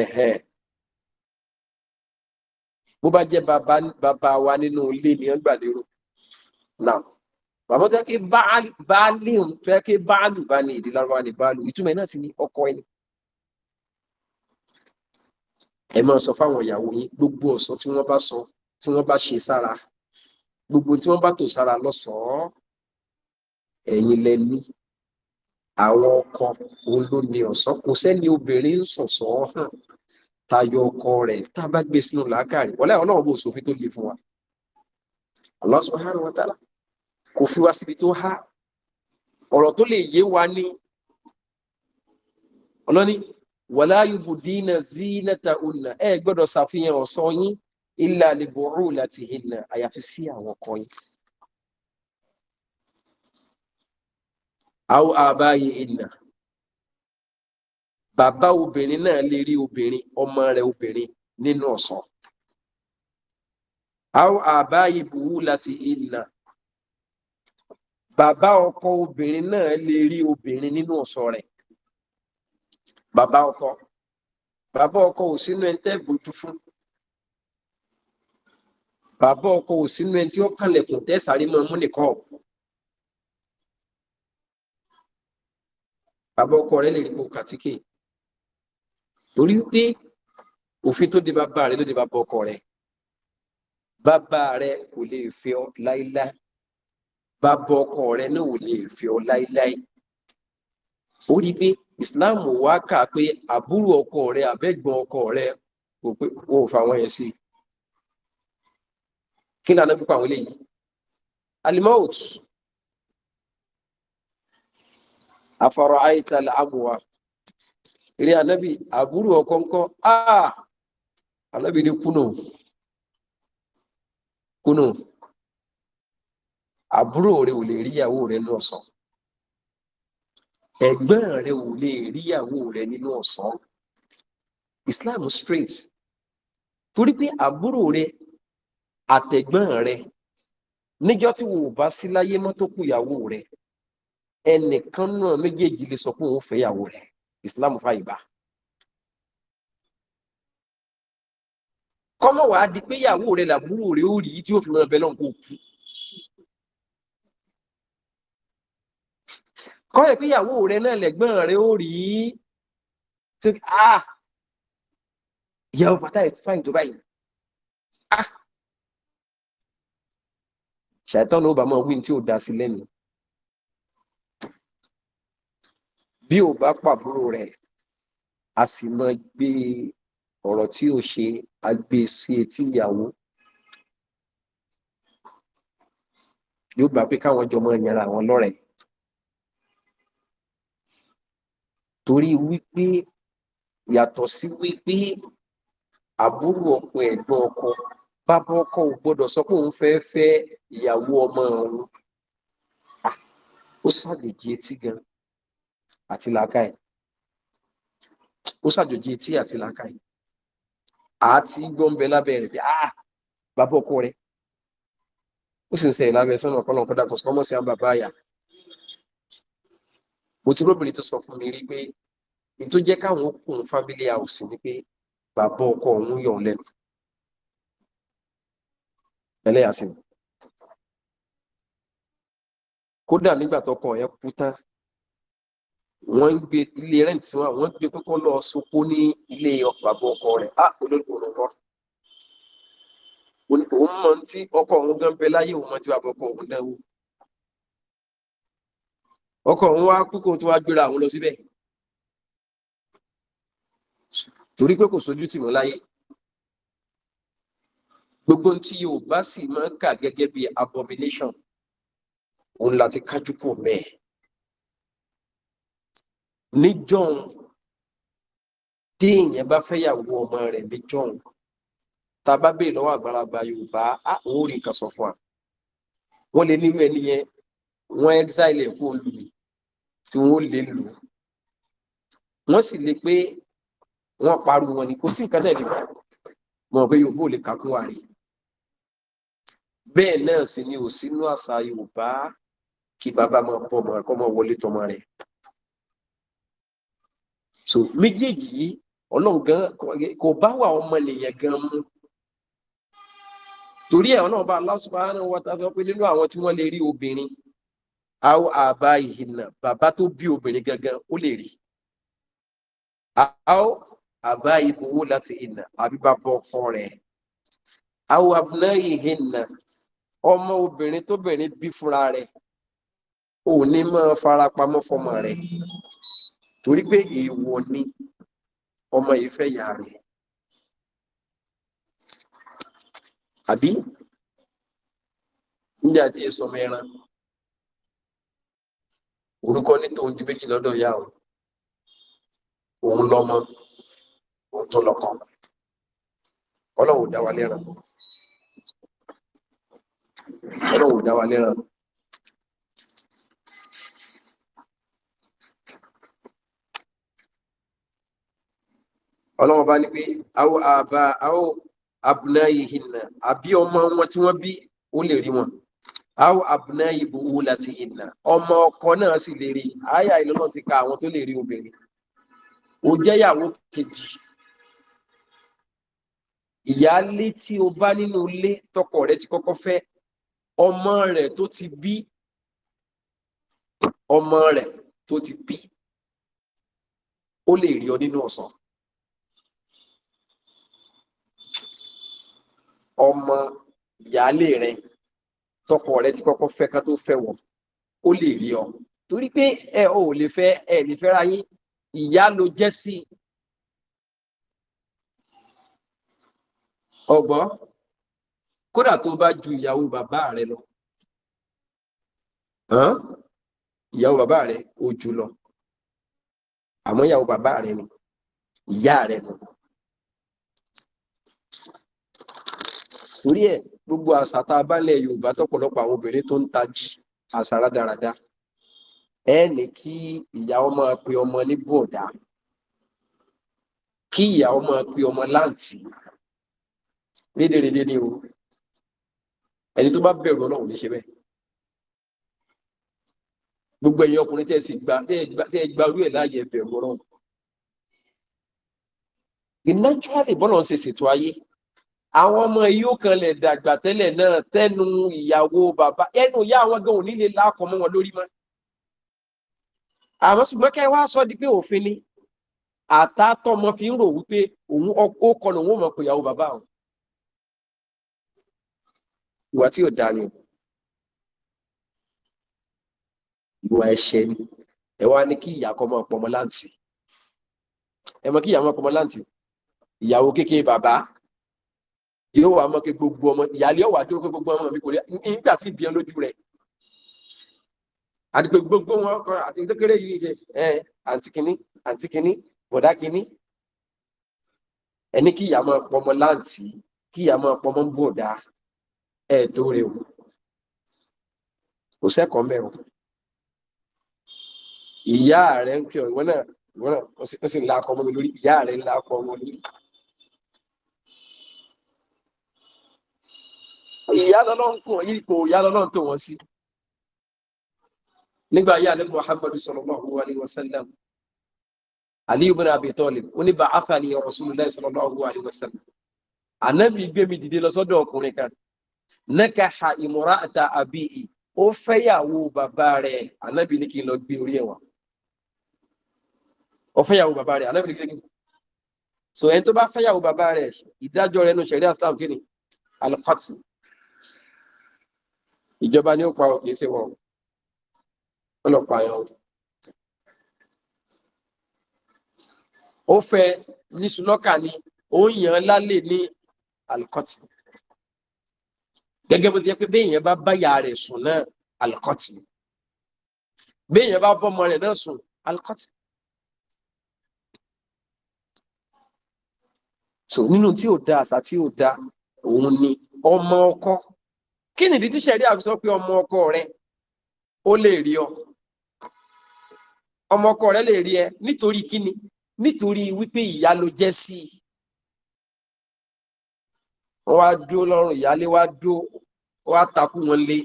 ẹhẹn bó bá jẹ́ bàbá wa nínú ilé ni wọ́n gbà lérò náà bàbá tó yẹ kí báálì tó yẹ kí báálù bá ní èdè lárúbáwá ní báálù ìtumọ̀ ẹ̀ náà sì ní ọkọ ẹni. ẹ máa sọ fáwọn ìyàwó yín gbogbo ọ̀sán tí wọ́n bá sọ tí wọ́n bá ṣe sára gbogbo tí wọ́n bá tò sára lọ́sàn-án ẹ̀yin lẹ́ni àwọn ọkọ òun ló ní ọ̀sán kò sẹ́ni obìnrin ń sọ̀sọ̀ hàn tayọ ọkọ rẹ̀ tá a bá gbé sínú làákàrí wọlé ọlọ́run bò sófin tó le fún Allah subhanahu wa ta'ala kò fi wá síbi tó há ọ̀rọ̀ tó lè yé wa ní ọlọ́ni wala yubdina zinatahunna ẹ gbọ́dọ̀ ṣàfihàn ọ̀ṣọ́ yín illa li bu'ulatihinna àyàfi sí àwọn ọkọ yín. aw abayihinna bàbá obìnrin náà lè rí obìnrin ọmọ rẹ̀ obìnrin nínú ọ̀ṣọ́ àwọn àbá ìbùwú láti ìlà bàbá ọkọ obìnrin náà lè rí obìnrin nínú ọ̀sọ́ rẹ̀ bàbá ọkọ bàbá ọkọ ò sínú ẹni tẹ́ bójú fún bàbá ọkọ ò sínú ẹni tí ó kànlẹ̀kùn tẹ́ sáré mọ́ mú nìkan ọ̀pọ̀ bàbá ọkọ rẹ lè rí gbogbo kàtíkè torí pé òfin tó de bàbá rẹ ló de bàbá ọkọ rẹ bàbá rẹ kò lè fẹ́ ọ láíláí bàbá ọkọ rẹ náà ò lè fẹ́ ọ láíláí ó rí pé islam wá kà pé àbúrò ọkọ rẹ àbẹ̀gbọ́n ọkọ rẹ kò pé o ò fàwọn yẹn sí kí ni àná pípa àwọn eléyìí alimout afọrọ àìtàlẹ àmùwà eré anabi àbúrò ọkọ ńkọ́ ah anabi ní kùnà kúnú àbúrò rẹ ò lè ríyàwó rẹ ní ọ̀sán ẹ̀gbọ́n rẹ ò lè ríyàwó rẹ nínú ọ̀sán Islam straight torí pé àbúrò rẹ àtẹ̀gbọ́n rẹ níjọ́ tí wò bá sí láyé mọ́ tó kú ìyàwó rẹ ẹnìkan náà méjèèjì lè sọ pé òun fẹ́ ìyàwó rẹ Islam fàyè bá kọ́mọ̀ wàá di pé ìyàwó rẹ̀ làbúrò rẹ̀ ó rí tí ó fi mọ́ ọbẹ̀ lọ́nkọ́ kú. kọ́yẹ̀ pé ìyàwó rẹ̀ náà lẹ́gbọ́n rẹ̀ ó rí tí ah ìyàwó fata is fine tó báyìí ah ṣàìtọ́ ló bá mọ̀ wí tí ó dá sí lẹ́nu bí ò bá pàbúrò rẹ̀ a sì mọ gbé ọ̀rọ̀ tí ó ṣe àgbè sí etí ìyàwó yóò gbà pé káwọn jọmọ yẹn ra àwọn lọ́rẹ̀ẹ́ torí wípé yàtọ̀ sí wípé àbúrò ọkọ ẹ̀gbọ́n ọkọ bàbá ọkọ ò gbọ́dọ̀ sọ pé òun fẹ́ẹ́ fẹ́ ìyàwó ọmọ òun ó ṣàjòjì etí gan àti làákàyè ó ṣàjòjì etí àti làákàyè àti gbọ́nbẹ lábẹ́ rẹ̀ bí ah bàbá ọkọ rẹ̀ ó sì ń sẹ́yìn lábẹ́ sọ́nà ọ̀pọ̀lọpọ̀ kọ́dà kò sọ́mọ́ sí àwọn bàbá àyà mo ti róbìnrin tó sọ fún mi rí pé ní tó jẹ́ káwọn kùn fábílì ni pé bàbá ọkọ wọ́n ń gbé ilé rent wa wọ́n gbé kókó lọ sopó ní ilé bàbá ọkọ rẹ̀ á olóògbé ọkọ òun mọ tí ọkọ òun gan bẹ láyé òun mọ tí bàbá ọkọ òun náwó ọkọ òun wá kú kó tó wá gbéra òun lọ síbẹ̀ torí pé kò sójú tì mọ́ láyé gbogbo tí yóò bá sì máa ń kà gẹ́gẹ́ bí abomination òun láti kájú kò mẹ́ẹ̀ níjọ́un tí èèyàn bá fẹ́ yàwó ọmọ rẹ̀ níjọ́un tá a bá béèrè lọ́wọ́ àgbàlagbà yorùbá á ò rí sọ fún wa wọ́n lè nírú ẹni yẹn wọ́n exile ẹ̀kú olùlù tí wọ́n lè lù wọ́n sì lè pé wọ́n parú wọn ni kò sí nǹkan tẹ̀lé wọn mọ̀ pé yorùbá ò lè kàkún wa rí bẹ́ẹ̀ náà sì ni ò sínú àṣà yorùbá kí bàbá máa bọ̀ mọ́ ẹ̀kọ́ máa wọlé tọmọ rẹ̀ so méjèèjì yìí ọlọ́run gan kò bá wà ọmọ lèèyàn gan mu torí ẹ̀ ọlọ́run bá Allah subhanahu wa ta'ala sọ pé nínú àwọn tí wọ́n lè rí obìnrin àwọn àbá ìhìnà bàbá tó bí obìnrin gangan ó lè rí àwọn àbá ìbòwò láti ìhìnà àbí bàbá ọkọ rẹ̀ àwọn àbúná ìhìnà ọmọ obìnrin tóbìnrin bí fúnra rẹ̀ ò ní máa farapamọ́ fọmọ rẹ̀ torí pé èèwọ̀ ni ọmọ ìfẹ́ ìyá rẹ̀ àbí níbi àti ìsọmọ ẹran orúkọ ní tòun di méjì lọ́dọ̀ ìyá o òun lọ́mọ òun tó lọ́kọ ọlọ́run ò dá wa lẹ́ran ọlọ́run ò dá wa lẹ́ran. ọlọ́run bá ní pé àwọn àbá àwọn abúnáyìhìnà àbí ọmọ wọn tí wọ́n bí ó lè rí wọn àwọn abúnáyìbò wò láti ìnà ọmọ ọkọ náà sì lè rí àyà ìlọ́nà ti ka àwọn tó lè rí obìnrin ó jẹ́yàwó kejì ìyáálé tí o bá nínú ilé tọkọ rẹ ti kọ́kọ́ fẹ́ ọmọ rẹ tó ti bí ọmọ rẹ tó ti bí ó lè rí ọ nínú ọ̀sán. ọmọ ìyáálé rẹ tọkọ rẹ ti kọ́kọ́ fẹ́ ká tó fẹ́ wọ̀ ó lè rí ọ torí pé ẹ ò lè fẹ́ ẹ lè fẹ́ra yín ìyá ló jẹ́ sí i ọgbọ́n kódà tó bá ju ìyàwó bàbá rẹ lọ ìyàwó bàbá rẹ ó lọ àmọ́ ìyàwó bàbá rẹ ni ìyá rẹ nù. torí ẹ̀ gbogbo àṣà tá a bá lẹ̀ yorùbá tọ̀pọ̀lọpọ̀ àwọn obìnrin tó ń tají àṣà rádaràda ẹ ní kí ìyàwó máa pe ọmọ ní bọ̀dá kí ìyàwó máa pe ọmọ láǹtì rédèrèdè ni o ẹni tó bá bẹ̀rù ọlọ́run ní ṣe bẹ́ẹ̀ gbogbo ẹ̀yin ọkùnrin tẹ́ sì gba tẹ́ gba orí ẹ̀ láàyè bẹ̀rù ọlọ́run ìnájúwálì bọ́lọ̀ ń ṣe ṣètò ayé àwọn ọmọ yìí ó kan lè dàgbà tẹ́lẹ̀ náà tẹ́nu ìyàwó bàbá ẹnu ìyá àwọn gan òní lè lákọ mọ́ wọn lórí mọ́ àmọ́ ṣùgbọ́n kẹ́ wá sọ di pé òfin ni àtàtọ́mọ fi ń rò wípé òun ó kọ lòun ó mọ̀ pé ìyàwó bàbá òun ìwà tí ò dáa ni ìwà ẹ̀ṣẹ̀ ni ẹ wá ní kí ìyá kọ́ máa pọmọ láǹtì ẹ mọ̀ kí ìyá máa pọmọ láǹtì ìyàwó kékeré bàbá yóò wá mọ́ pé gbogbo ọmọ ìyáálé ọ̀wà tó pé gbogbo ọmọ mi kò rí nígbà tí ìbí ọ lójú rẹ̀ àdìpé gbogbo wọn kan àti kékeré yìí ṣe ẹ àǹtí kínní àǹtí kínní bọ̀dá kínní ẹni kí ìyá máa pọmọ láǹtì kí ìyá máa pọmọ ń bọ̀dá ẹ tó rè o kò sẹ́kọ̀ọ́ mẹ́rọ ìyá rẹ̀ ń pè ọ́ ìwọ náà ìwọ náà ó sì ń la akọ ọmọ mi lórí ìyá rẹ̀ ń la akọ ọmọ mi lórí. ìyá lọ́lọ́run kùn ipò ìyá lọ́lọ́run tó wọ́n sí nígbà ayé àlẹ́ muhammadu sallallahu alayhi wa sallam ali ibn abi talib ó ní bá afani rasulullah sallallahu wa sallam anabi dìde lọ ọkùnrin kan ó bàbá anabi ní kí n lọ gbé orí ẹ̀wà ó fẹ́yàwó bàbá rẹ̀ anabi ní kí n so ẹni tó bá fẹ́yàwó bàbá nù ìjọba ni ó pa ọ kìí ṣe wọn wọn lọ pa yan ó fẹ́ níṣu lọ́kà ni ó yàn án lálẹ́ ní alikọ́tì gẹ́gẹ́ bó ti jẹ́ pé béèyàn bá báyà rẹ̀ sùn náà alikọ́tì béèyàn bá bọ́mọ rẹ̀ náà sùn alikọ́tì. so nínú tí ò da àṣà tí ò da òun ni ọmọ ọkọ kí nìdí tí ṣẹ̀rí àfi sọ pé ọmọ ọkọ rẹ ó lè rí ọ ọmọ ọkọ rẹ lè rí ẹ nítorí kíni nítorí wípé ìyá ló jẹ́ sí i wọ́n wá dó lọ́rùn ìyálé wá dó wá takú wọn lé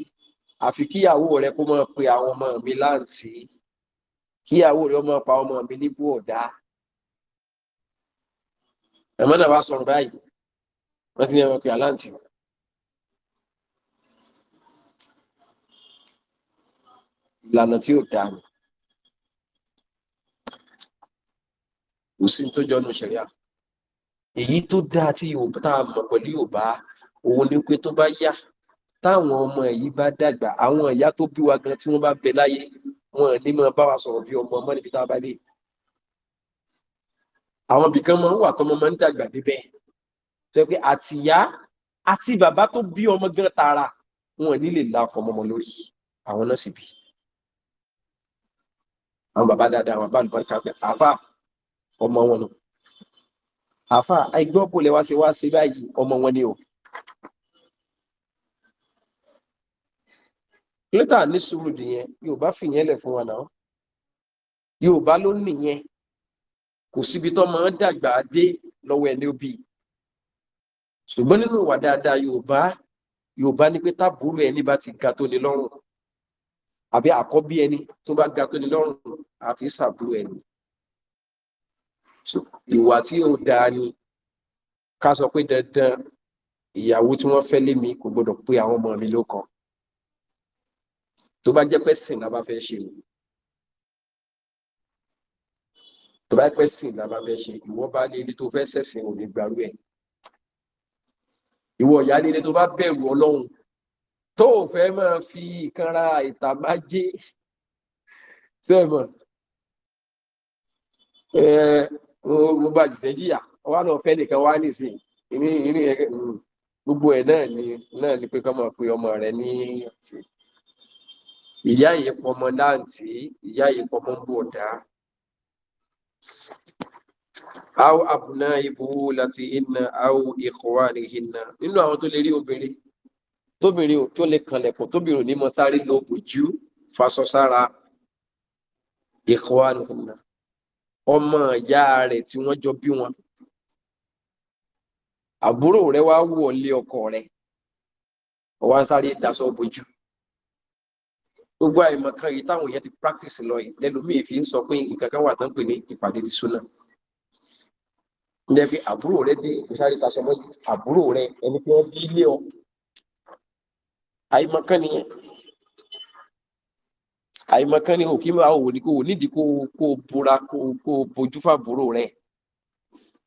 àfi kíyàwó rẹ kó máa pe àwọn ọmọ mi láǹtí kíyàwó rẹ máa pa ọmọ mi níbú ọ̀dá ẹ̀mọ́dà wá sọ̀rọ̀ báyìí wọ́n ti ní ẹ̀mọ́ pé àláǹtí wọn. ìlànà tí ó dáa ni kò sí tó jọnu ṣẹ̀ríà èyí tó dáa tí Yorùbá tá a mọ̀ pẹ̀lú Yorùbá òun ni pé tó bá yá táwọn ọmọ yìí bá dàgbà àwọn ìyá tó bí wa gan tí wọ́n bá bẹ láyé wọn ní máa bá wa sọ̀rọ̀ bí ọmọ ọmọ níbi tá a bá dé àwọn ibìkan máa ń wà tọmọ máa ń dàgbà débẹ̀ tó pé àtìyá àti bàbá tó bí ọmọ gan tààrà wọn ní lè la ọkọ ọmọ lórí àwọn náà sì bíi àwọn bàbá dáadáa àwọn bá nìkan kan àfà ọmọ wọn nù àfà ẹgbẹ́ òpó lẹ́wà sí wá sí báyìí ọmọ wọn ni o. lẹ́tà ní sùúrù nìyẹn yorùbá fìyẹn lẹ̀ fún wa náà yorùbá ló nìyẹn kò síbi tó máa ń dàgbà dé lọ́wọ́ ẹni òbí ṣùgbọ́n nínú ìwà dáadáa yorùbá yorùbá ní pé tábùrù ẹni bá ti ga tó ní lọ́rùn àbí àkọ́bí ẹni tó bá ga tó ní lọ́rùn àfi sàbúrò ẹni ìwà tí ó dáa ni ká sọ pé dandan ìyàwó tí wọ́n fẹ́ lé mi kò gbọ́dọ̀ pé àwọn ọmọ mi ló kàn tó bá jẹ́ pé sìn la bá fẹ́ ṣe o tó bá jẹ́ pé sìn la bá fẹ́ ṣe ìwọ bá lé ilé tó fẹ́ ṣẹ̀sìn ò gbàrú ẹ̀ ìwọ ìyá lé ilé tó bá bẹ̀rù ọlọ́run tó o fẹ́ máa fi ìkanra ìtàmájé sẹ́mọ̀ gbogbo àjùsẹ́ jìyà wà lọ fẹ́ nìkan wá nìsín ìní ìní gbogbo ẹ̀ náà ni náà ni pé kọ́ máa pe ọmọ rẹ ní ọ̀tí ìyá yìí pọmọ láǹtí ìyá yìí pọmọ ń bọ̀ dá àwọn àbùnà ibùwò láti iná àwọn ìkọ̀wá nìyí náà nínú àwọn tó lè rí obìnrin tóbìnrin tó lè kanlẹ̀kùn tóbìnrin ní mọ́ sáré lo bòjú fasọ sára ikhwanuhunna ọmọ ìyá rẹ̀ tí wọ́n jọ bí wọn àbúrò rẹ̀ wá wọlé ọkọ rẹ̀ ọwá ń sáré daṣọ bòjú gbogbo àìmọ̀ kan yìí táwọn èèyàn ti practice lọ yìí lẹ́lòmíì fi ń sọ pé nǹkan kan wà tán pè ní ìpàdé ti súnà ń jẹ́ pé àbúrò rẹ̀ dé ìsáré daṣọ mọ́ àbúrò rẹ̀ ẹni tí wọ́n bí lé ọ àìmọ̀kan nìyẹn àìmọ̀kan ni òkè máa wò ní kò nídìí kó kó bora kó kó bojú fàbúrò rẹ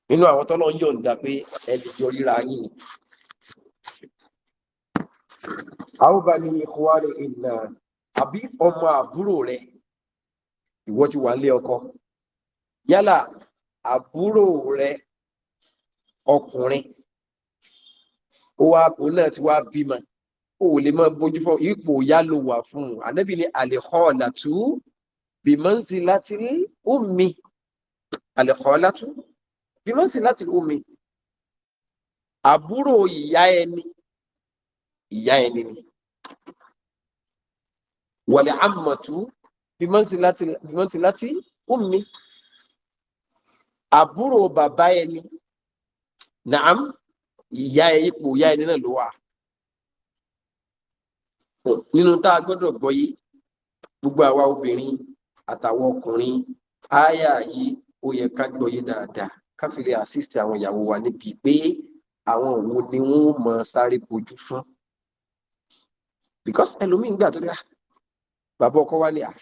nínú àwọn tọ́lọ́ ń yọ̀ǹda pé ẹni jọ ríra yìí àwòbá ni ìkọ́wárì ìnà àbí ọmọ àbúrò rẹ ìwọ ti wà nílé ọkọ yálà àbúrò rẹ ọkùnrin ó wá òun náà ti wá bímọ o lè máa bójú fọ ipò ìyá ló wà fún un ànábì ní àlèkọ́ọ̀làtú bìmọ́nsì láti omi àlèkọ́ọ̀làtú bìmọ́nsì láti omi àbúrò ìyá ẹni ìyá ẹni ni wàlẹ̀ àmọ̀tú bìmọ́nsì láti omi àbúrò bàbá ẹni nàám ìyá ipò ìyá ẹni náà ló wà nínú tá a gbọ́dọ̀ gbọ́yé gbogbo àwa obìnrin àtàwọn ọkùnrin ááyà yìí ó yẹ ká gbọ́yé dáadáa ká fi lè assist àwọn ìyàwó wa níbi pé àwọn òun ni wọn mọ sáré bojú fún because ẹlòmíín gbà tó dá ah, bàbá ọkọ wálé à ah,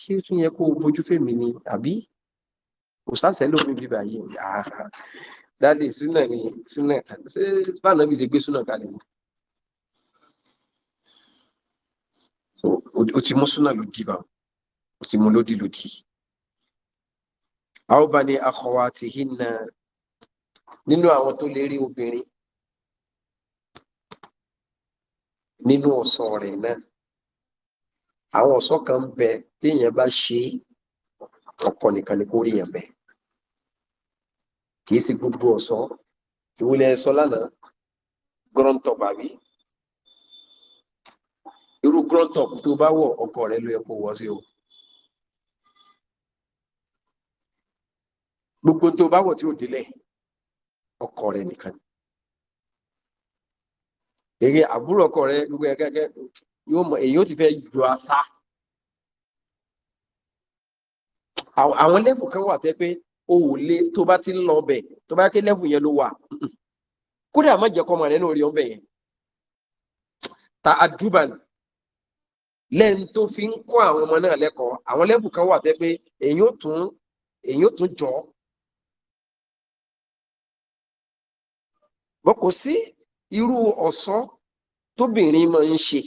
ṣé tún yẹ kó o bójú fèmí ni àbí kò sáṣẹ lómi bíbá yìí dáadé ah, súnà ni súnà ṣé báwọn náà bí ṣe gbé súnà kalẹ̀ mọ́. ó ti mú súnà di bá ó ti mú lòdì lòdì a ó bá ní akọwà àti hinna nínú àwọn tó lè rí obìnrin nínú ọ̀sán rẹ̀ náà àwọn ọ̀sán kan ń bẹ téèyàn bá ṣe ọkọ nìkan ni kó rí yàn bẹ kì í sì gbogbo ọ̀sán ìwúlẹ̀ ẹ̀sọ́ lánàá gọ́rọ́ǹtọ̀ bàbí irú crop-top tó bá wọ̀ ọkọ rẹ̀ ló yẹ kó wọ̀ sí o. gbogbo tó bá wọ̀ tí ò délẹ̀ ọkọ rẹ̀ nìkan. èrè àbúrò ọkọ rẹ̀ gbogbo ẹ̀ gẹ́gẹ́ yóò mọ èyí ó ti fẹ́ yọ asá. àwọn lẹ́bù kan wà tẹ́ pé o ò lé tó bá ti ń lọ ọbẹ̀ tó bá ké lẹ́bù yẹn ló wà kódà má jẹ́ kọ́ ọmọ náà rí ọbẹ̀ yẹn. ta àdúbà lẹ́yìn tó fi ń kọ́ àwọn ọmọ náà lẹ́kọ̀ọ́ àwọn lẹ́bù kan wà bẹ́ẹ̀ pé èyí ò tún èyí ò tún bọ́ kò sí irú ọ̀sọ́ tóbìnrin máa ń ṣe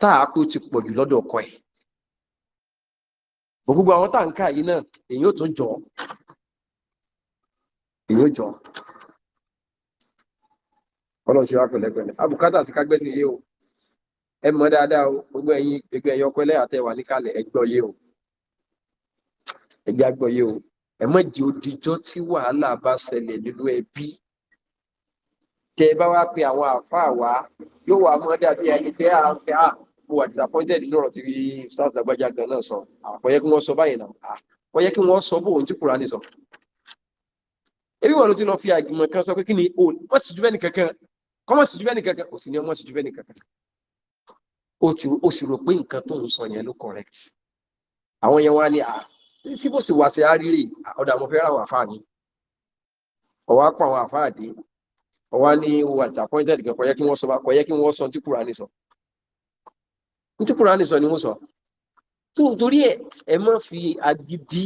tá a kó ti pọ̀ lọ́dọ̀ ọkọ ẹ̀. gbogbo àwọn yìí èyí ò tún o. ẹ mọ̀ dáadáa o gbogbo ẹ̀yin gbogbo ẹ̀yin ọkọ ẹlẹ́yà tẹ́ wà níkàlẹ̀ ẹ gbọ́ yé o ẹ já gbọ́ yé o ẹ di tí wàhálà bá nínú ẹbí tẹ bá pe àwọn wa yóò wá dàbí ẹni pé à ah, ń ah, mo wà disappointed nínú ọ̀rọ̀ tí south gan náà sọ sọ báyìí náà kí sọ ebi wọn ló ti lọ fi kan sọ pé ni o sí ju o sì ní ọmọ sí ju ó sì rò pé nǹkan tó ń sọ yẹn ló correct àwọn yẹn wá ní à sí bó sì wá sí àárírè ọ̀dà mo fẹ́ ra àwọn àfáà ni ọ̀wá pa àwọn àfáà dé ọ̀wá ní wà disappointed kan kò yẹ kí wọ́n sọ kò kí wọ́n sọ tí Kùránì sọ tí Kùránì sọ ni wọ́n sọ tó torí ẹ ẹ má fi agídí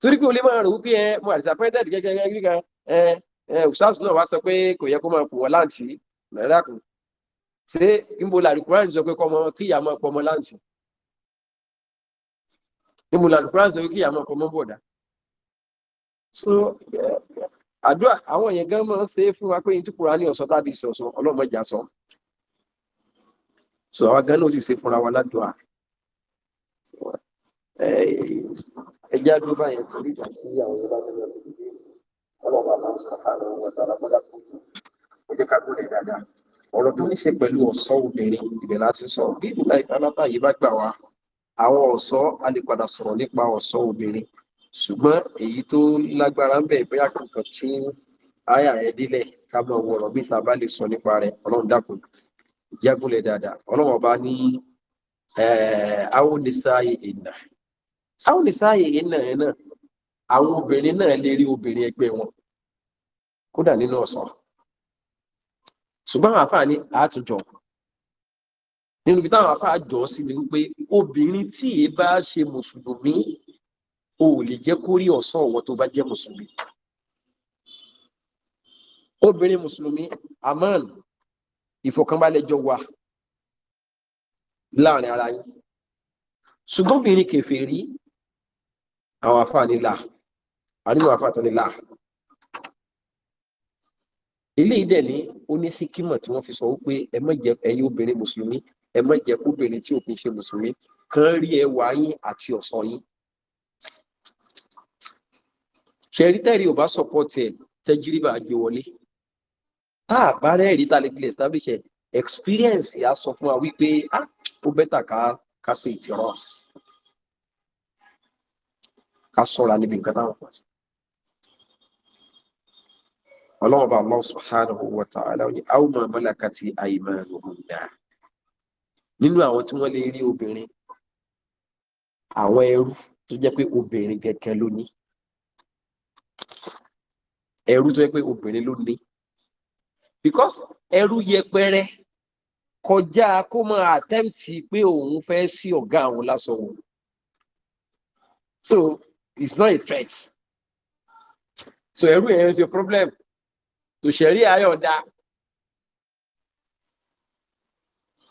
torí pé o lè máa rò wípé ẹ mo wà disappointed gẹ́gẹ́ gẹ́gẹ́ gẹ́gẹ́ ẹ ẹ usas náà wá sọ pé kò yẹ kó máa kù wọ́n láǹtì nàìjíríà kù ṣé níbo làlùkùránì sọ pé kọ́ ọmọ kíyà máa pọ̀ ọmọ láǹtì níbo làlùkùránì sọ pé kíyà máa pọ̀ ọmọ bọ̀dá so àdúrà àwọn èèyàn gan máa ń ṣe é fún wa pé tí Kùránì ọ̀sọ́ tàbí ìṣọ̀ṣọ́ ọlọ́mọdé àṣọ so àwọn gan náà sì ṣe fúnra wa ládùúà ẹjẹ́ àdúrà báyẹn torí ìdásí àwọn Yorùbá tó lọ sí ó jẹ́ ká gbọ́dọ̀ dáadáa ọ̀rọ̀ tó ní ṣe pẹ̀lú ọ̀ṣọ́ obìnrin ibẹ̀ láti sọ bí ìlà ìtàlátà yìí bá gbà wá àwọn ọ̀ṣọ́ a lè padà sọ̀rọ̀ nípa ọ̀ṣọ́ obìnrin ṣùgbọ́n èyí tó lágbára ń bẹ̀ bóyá kankan tí àyà ẹ̀ délẹ̀ ká mọ̀ wọ̀rọ̀ bí ta bá lè sọ nípa rẹ̀ ọlọ́run dákun jágúnlẹ̀ dáadáa ọlọ́run ọba ní àwọn oníṣàyè ìnà àwọn oníṣàyè ìnà ẹ̀ náà àwọn obìnrin náà lè rí obìnrin ẹgbẹ́ wọn kódà nínú ọ̀sán ṣùgbọ́n àwọn àfáà ní àtúnjọ nínú ibi táwọn àfáà jọ sí ni wípé obìnrin tí èé bá ṣe mùsùlùmí o ò lè jẹ́ kó rí ọ̀sán ọ̀wọ́ tó bá jẹ́ mùsùlùmí obìnrin mùsùlùmí amán ìfọ̀kànbalẹ̀ jọ wà láàrin ara yín ṣùgbọ́n obìnrin kèfèrí àwọn àfáà ní là àrínú àfáà tán ní là eléyìí dẹ̀ ní ó ní hikima tí wọ́n fi sọ wípé ẹ má jẹ́ ẹ̀yin obìnrin mùsùlùmí ẹ má jẹ́ kóbìnrin tí òfin ṣe mùsùlùmí kan rí ẹwà yín àti ọ̀sán yín. ṣẹ̀rí tẹ́rì ò bá sọ̀pọ̀tì ẹ̀ tẹ́jírìbà gbé wọlé tá a bá rẹ́ẹ̀rí tá a lè fi lè establish ẹ̀ experience yà sọ fún wa wípé ah, ó bẹ́tà ká ká ṣe ìtìrọ́ọ̀sì ká sọ̀rọ̀ níbi nǹkan táwọn pàṣẹ ọlọ́ọ̀bà Allah subhanahu wa ta'ala ní àwọn malakati aymanuhum náà nínú àwọn tí wọ́n lè rí obìnrin àwọn ẹrú tó jẹ́ pé obìnrin gẹ́gẹ́ ló ní ẹrú tó jẹ́ pé obìnrin ló ní because ẹrú yẹpẹrẹ kọjá kó máa àtẹ́ǹtì pé òun fẹ́ sí ọ̀gá àwọn lásán wọn so it's not a threat so ẹrú yẹn your problem tòṣẹ̀rí ayọ̀dá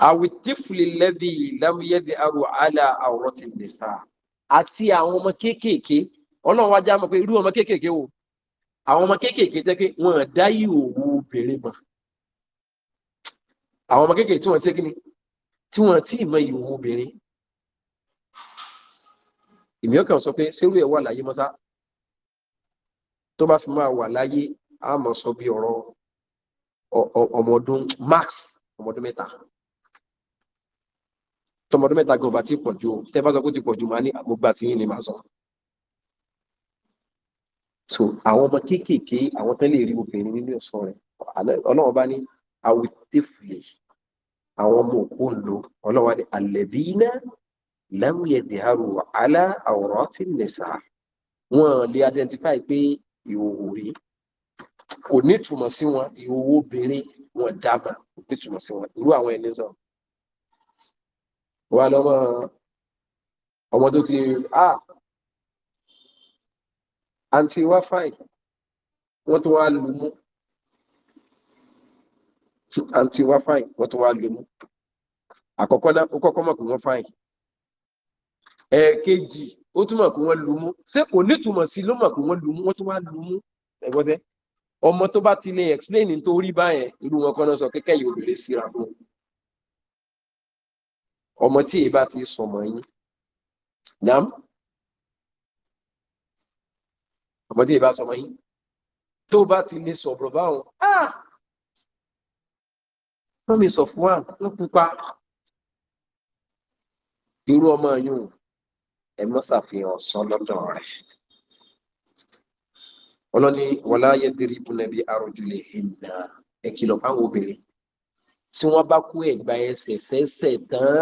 àwìtífìlì lẹ́bí lámúyẹ́bí arò àlà àwòrán ti lè sá àti àwọn ọmọ kéékèèké ọlọ́run wájá mọ̀ pé irú ọmọ kéékèèké wo àwọn ọmọ kéékèèké tẹ́ pé wọ́n dá ìhòòhò obìnrin mọ̀ àwọn ọmọ kéékèèké tí wọ́n ṣe kíni tí wọ́n tí ì mọ ìhòòhò obìnrin ìmí sọ pé sẹ́rù ẹ̀ wà láyé mọ́sá tó bá fi máa wà láyé a mọ̀ sọ bí ọ̀rọ̀ ọmọọdún max ọmọọdún mẹ́ta tọmọdún mẹ́ta gan bá ti pọ̀ ju tẹ́ bá ti pọ̀ ju máa ní àgbógbà tí yín ni màá sọ so àwọn ọmọ kéékèèké àwọn tẹ́lẹ̀ rí obìnrin nínú ẹ̀sọ́ rẹ̀ ọlọ́run bá ní awitefule àwọn ọmọ òkú ńlò ọlọ́run ní alẹ́bíínà lámúyẹ̀dẹ̀hárò alá àwòrán ti nẹ̀sà wọn lè identify pé ìhòòhò rí kò ní ìtumọ̀ sí wọn ìhòòhò obìnrin wọn dábàá kò ní ìtumọ̀ sí wọn irú àwọn ẹni sọ. wà lọ́mọ ọmọ tó ti a àǹtí wá fáì wọ́n tó wá lù mú àǹtí wá fáì wọ́n tó wá lù mú àkọ́kọ́ náà ó kọ́kọ́ mọ̀ pé wọ́n fáì ẹ̀ẹ̀kejì ó túmọ̀ pé wọ́n lù mú ṣé kò nítumọ̀ sí ló mọ̀ pé wọ́n lù mú wọ́n tó wá lù mú ẹ̀gbọ́n tẹ́ ọmọ tó bá ti lè explain tó rí báyẹn irú wọn kan náà sọ kẹkẹ yìí obìnrin síra mọ ọmọ tí èyí bá ti sọmọ yín dám ọmọ tí èyí bá sọmọ yín tó bá ti lè sọ̀rọ̀ báwọn wọ́n ah! mi sọ fún wa ń pupa irú ọmọ yìí ẹ mọ́ ṣàfihàn ọ̀sán lọ́dọ̀ rẹ̀ ọlọ́ni wàláyé dèrìbù nàbí àròjùlẹ̀ hìnnà ẹ kìlọ̀ fáwọn obìnrin tí wọ́n bá kú ẹ̀gbà ẹsẹ̀ sẹ́sẹ̀ tán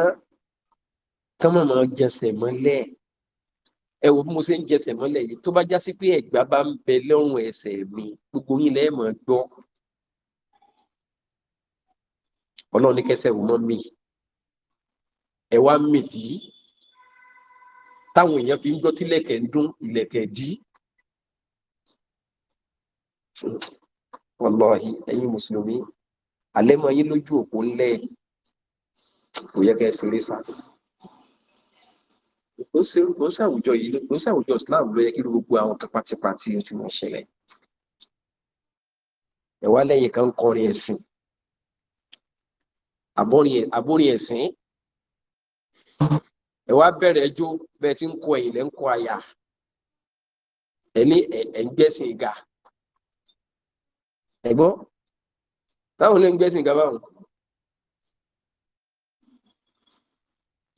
tán mọ̀ máa jẹsẹ̀ mọ́lẹ̀ ẹ wo bí mo ṣe ń jẹsẹ̀ mọ́lẹ̀ yìí tó bá já sí pé ẹ̀gbà bá ń bẹ lọ́rùn ẹsẹ̀ mi gbogbo yín lẹ́ẹ̀ mọ̀ gbọ́ ọlọ́run ní wò mọ́ mi ẹ wá mìdí táwọn èèyàn fi ń gbọ́ tílẹ̀kẹ̀ ń dún ìlẹ̀kẹ̀ dí. wàláhì ẹ̀yin mùsùlùmí alẹ́ mọ ayé lójú òkú ńlẹ̀ kò yẹ kẹ́ ẹ yìí Islam ló yẹ kí gbogbo àwọn kan pátípátí ó ti mọ̀ lẹ́yìn kan kọrin ẹ̀sìn àbórin ẹ̀sìn bẹ̀rẹ̀ ẹ̀gbọ́n táwọn lè ń gbẹ́sìn gaba wọn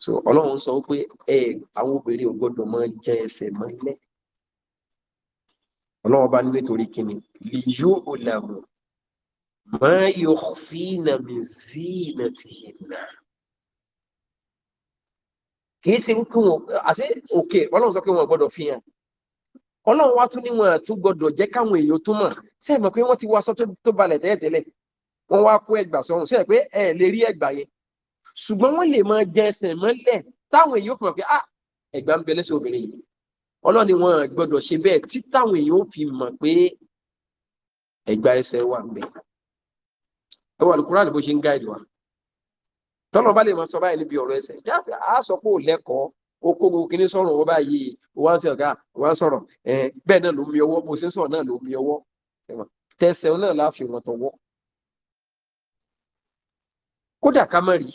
so ọlọ́run sọ pé ẹ àwọn obìnrin ò gbọ́dọ̀ máa jẹ ẹsẹ̀ mọ́lẹ̀ ọlọ́run bá nílé torí kíni lè yóò ò làmù mọ́ yukhfina min zinatihinna kì í ṣe wípé wọn àti òkè ọlọ́run sọ pé wọn gbọ́dọ̀ fi hàn ọlọ́run wá tún níwọ̀n tún gbọdọ̀ jẹ́ káwọn èèyàn tó mọ̀ ṣe mọ̀ pé wọ́n ti wá sọ tó balẹ̀ tẹ́lẹ̀tẹ́lẹ̀ wọ́n wá kó ẹgbà sọ̀rùn ṣe pé ẹ lè rí ẹgbà yẹn ṣùgbọ́n wọ́n lè máa jẹ ẹsẹ̀ mọ́lẹ̀ táwọn èèyàn fi mọ̀ pé ah ẹgbà ń bẹ lẹ́sẹ̀ obìnrin yìí ọlọ́run ni wọ́n gbọdọ̀ ṣe bẹ́ẹ̀ tí táwọn èèyàn fi mọ̀ pé ẹgbà ẹsẹ̀ wà ń bẹ ẹ wà lùkúrà ní bó ṣe ń gáìdì wa tọ́lọ́ bá lè máa sọ báyìí níbi ọ̀rọ̀ ẹsẹ̀ jáfẹ́ àá sọ pé ò lẹ́kọ̀ọ́ ó kó gbogbo kíní sọ̀rọ̀ ọwọ́ báyìí wá ń sọ ọ̀gá wá ń sọ̀rọ̀ bẹ́ẹ̀ náà ló mi ọwọ́ bó ṣe ń sọ̀rọ̀ náà ló mi ọwọ́ tẹsẹ̀ náà láàfin wọn tọwọ́ kódà ká má rí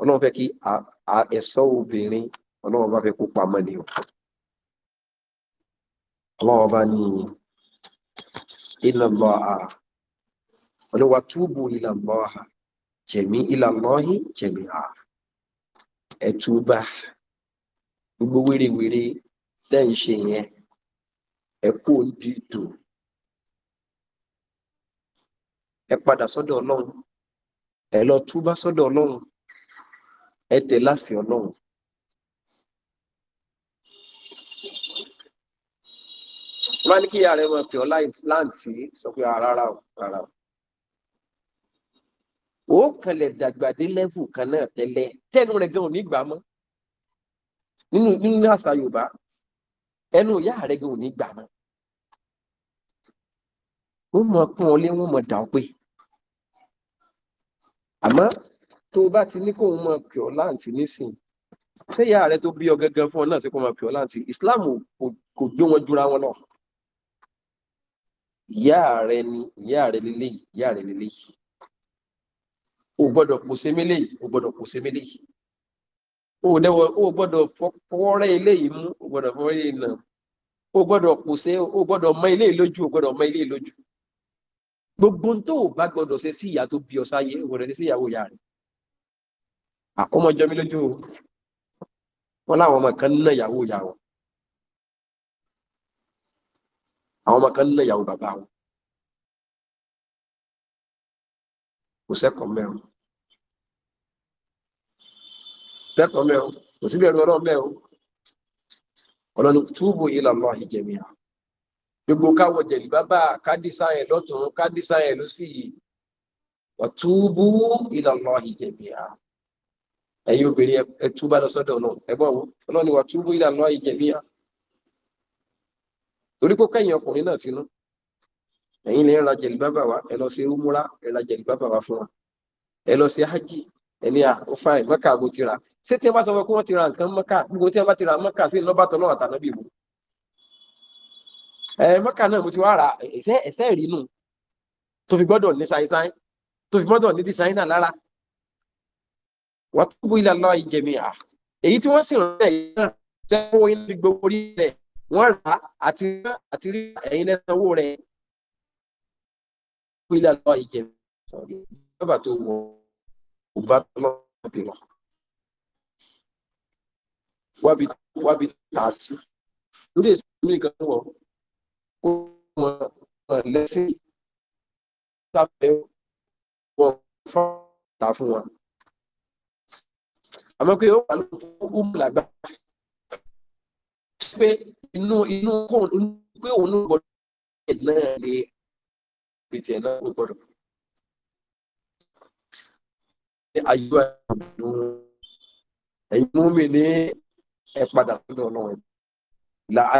ọlọ́run fẹ́ kí ẹ̀sọ́ obìnrin ọlọ́run bá fẹ́ kó pamọ́ ni o ọlọ́run bá ní ila Allah ọlọ́wà túbù ila Allah jẹ̀mí ila Allahi jẹ̀mí àá ẹ̀túbà gbogbo wérewère tẹ́ ń ṣe yẹn ẹ kú òǹdí ẹ padà sọ́dọ̀ ọlọ́run ẹ lọ túbá sọ́dọ̀ ọlọ́run ẹ tẹ̀ láṣẹ ọlọ́run. wọ́n á ní kí ìyá rẹ̀ mọ̀ pé ọlá ìtìláǹtì sọ pé rárá o rárá o ó kanlẹ̀ dàgbà dé lẹ́fù kan náà tẹ́lẹ̀ tẹ́nu rẹ̀ gan ò ní gbà mọ́ nínú nínú àṣà Yorùbá ẹnu ìyá rẹ̀ gan ò ní gbà mọ́ wọ́n mọ̀ pọ́n ọ lé wọ́n mọ̀ dà ọ́ pé àmọ́ tó o bá ti ní kóun mọ̀ pè ọ́ láǹtì nísìn ṣé ìyá rẹ̀ tó bí ọ gángan fún ọ náà ṣe kó mọ̀ pè ọ́ láǹtì Islam kò gbé wọn jura wọn náà ìyá rẹ̀ ni ìyá rẹ̀ lélẹ́yìí ìyá rẹ̀ lélẹ́yìí o gbọ́dọ̀ kò se mélé yìí o gbọ́dọ̀ kò se mélé yìí o dẹwọ o gbọ́dọ̀ fọwọrẹ ilé yìí mú o gbọ́dọ̀ fọwọrẹ ilé náà o gbọ́dọ̀ kò se o gbọ́dọ̀ mọ ilé lójú o gbọ́dọ̀ mọ ilé lójú gbogbo tó o bá gbọ́dọ̀ ṣe sí ìyá tó bí ọ sáyé o gbọ́dọ̀ ṣe sí ìyàwó ìyá rẹ àkọmọjọ mi lójú o wọn láwọn ọmọ kan ná ìyàwó ìyá wọn àwọn ọmọ kan ná ìyàwó bàbá wọn kò sẹ́kọ̀ọ́ mẹ́rin sẹ́kọ̀ọ́ mẹ́rin kò sí bẹ̀rù ọlọ́run mẹ́rin ọlọ́run túbù ìlànà ìjẹ̀mìà gbogbo káwọ̀ jẹ̀lì bábà kádìsá ẹ̀ lọ́tún kádìsá ẹ̀ ló sì ọ̀túbù ìlànà ìjẹ̀mìà ẹ̀yin obìnrin ẹ túbà lọ sọ́dọ̀ náà ẹgbọ́n wo ọlọ́run wà túbù ìlànà ìjẹ̀mìà torí kó kẹ́yìn ọkùnrin náà sínú ẹ̀yin lè ra jẹ̀lìbábà wa ẹ lọ sí umura ẹ ra jẹ̀lìbábà wa fún wa ẹ lọ sí hajj ẹni à ó fa ìmọ́kà àgbo ti rà ṣé tí wọ́n bá sọ fún ẹ kí wọ́n ti ra nǹkan mọ́kà gbogbo tí wọ́n bá ti ra mọ́kà sí lọ́ba tọ́lọ́ àtànábì mu ẹ mọ́kà náà mo ti wá ra ẹ̀sẹ̀ ẹ̀sẹ̀ ìrìnnù tó fi gbọ́dọ̀ ní sáyẹ́sáyẹ́ tó fi gbọ́dọ̀ ní dísáyẹ́nà lára wà tó bú ilẹ̀ lọ́wọ́ ìjẹ̀mí à èyí tí wọ́n sì rán ẹ̀yìn náà tẹ́wọ́ iná fi gbogbo orí rẹ̀ wọ́n rà á àti rí ẹ̀yìn lẹ́sàn owó rẹ̀ إلى الله جميعا فبتوبوا وبطلوا بالله وبالتعسي lórí èsì lórí ìkan wọ̀ ó wọn lẹ́sìn sábẹ́ wọn fọ́ta fún wọn. àmọ́ pé ó wà lóko ó mú làgbà pé inú inú kò pé òun ló gbọdọ̀ náà lè pété ẹ̀ lọ́wọ́ gbọ́dọ̀. ní ayé wa ẹ̀yin mú mi ní ẹ padà sọ́dọ̀ ọlọ́run ẹ̀ là á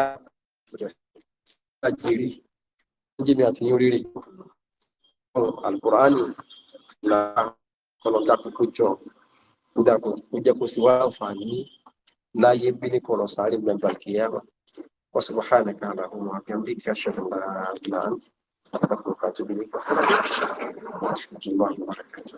jèrè ń jẹ́ mi àti yín oríire alukur'ani là kọlọ̀dà tó kó jọ ó dàgbọ́ ó jẹ́ kó sì wá àǹfààní láyé bí ní استغفرك واتوب اليك والسلام عليكم ورحمه الله وبركاته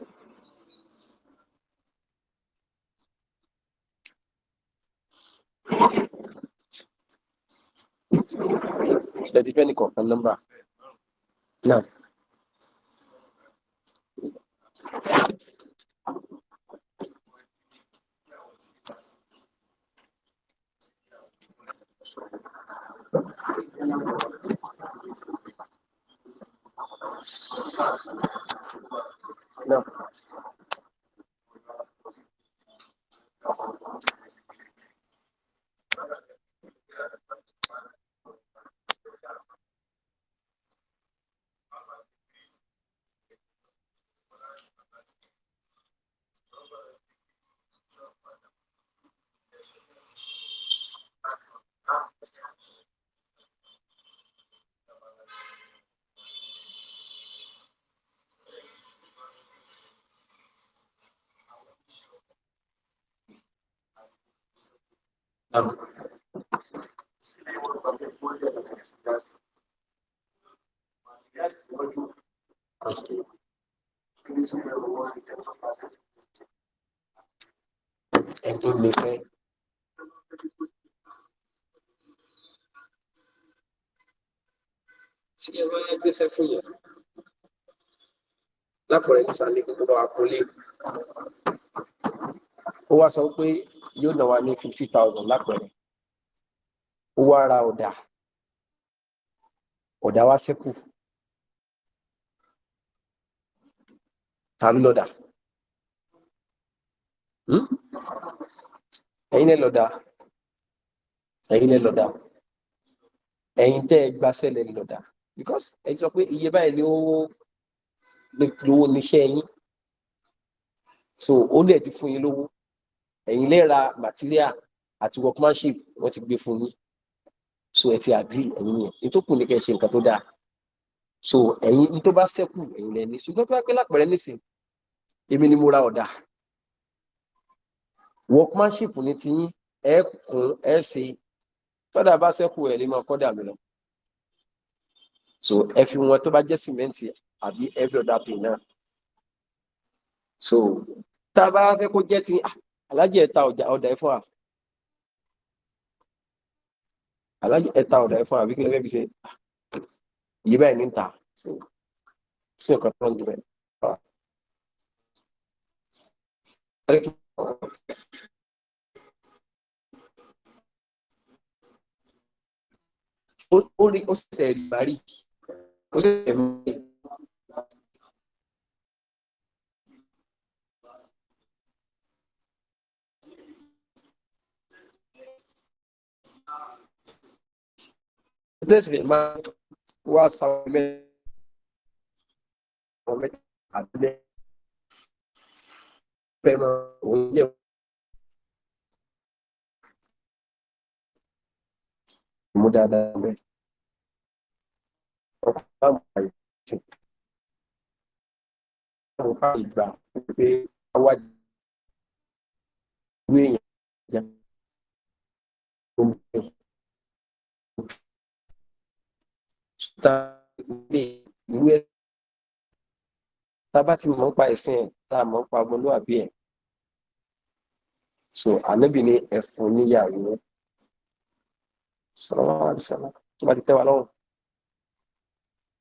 Jadi kan ikut kan lembah. Nah. Thank you. No. tọ́jú àti ilé tí bẹ̀rù wọn ìjọba pàṣẹ. ẹ tó lè fẹ́. tí ẹ bá yẹ gbèsè fún yẹn lápẹ̀rẹ̀ ní sàlẹ̀ gbogbo àkọlé ó wá sọ pé yóò náwó ní fifty thousand lápẹ̀rẹ̀ ó wá ra ọ̀dà ọ̀dà wá sẹ́kù tàbí lọ́dà hmm? ẹ̀yin lẹ́ lọ́dà ẹ̀yin lẹ́ lọ́dà ẹ̀yin tẹ́ ẹ gbaṣẹ́ lẹ́ lọ́dà because ẹ sọ pé iye báyìí ni ó lówó níṣẹ́ yín so ó lè ti fún yín lówó ẹ̀yin lè material àti workmanship wọ́n ti gbé fún yín so ẹ ti agree ẹ̀yin yẹn ní tó kù ní kẹ́ ẹ ṣe nǹkan tó dáa so ẹ̀yin ní tó bá ṣẹ́kù ẹ̀yin lẹ́ni ṣùgbọ́n tó bá pẹ́ lápẹ̀rẹ́ nísìnyí èmi ni mo ra ọ̀dà workmanship ní ti yín ẹ kún ẹ ṣe tọ́dà bá sẹ́kù ẹ̀ lè máa kọ́dà mi lọ so ẹ fi wọn tó bá jẹ́ sìmẹ́ǹtì àbí every other thing náà so tá a bá fẹ́ kó jẹ́ ti ah, alájì ẹ̀ta ọ̀dà ẹ̀fọ́ à alájì ẹ̀ta ọ̀dà ẹ̀fọ́ àbí kí lè fẹ́ ṣe ah, yìí báyìí ní ta so sí ọ̀kan tó ń jù bẹ́ẹ̀ avec ó rí ó ṣẹ̀ṣẹ̀ rí bàárì ó ṣẹ̀ṣẹ̀ mú mi. Tẹ́sí lè máa wá sáwọn mẹ́rin pero oye, mú dáadáa bẹ́ẹ̀ ọkọ̀ bá mú àyè sí àwọn bá ìgbà tá a mọ̀ ń pa ẹ̀ so ànábì ni ẹ̀fọn níyàwó sọ̀rọ̀ àdìsàlá tó bá ti tẹ́ wa lọ́rùn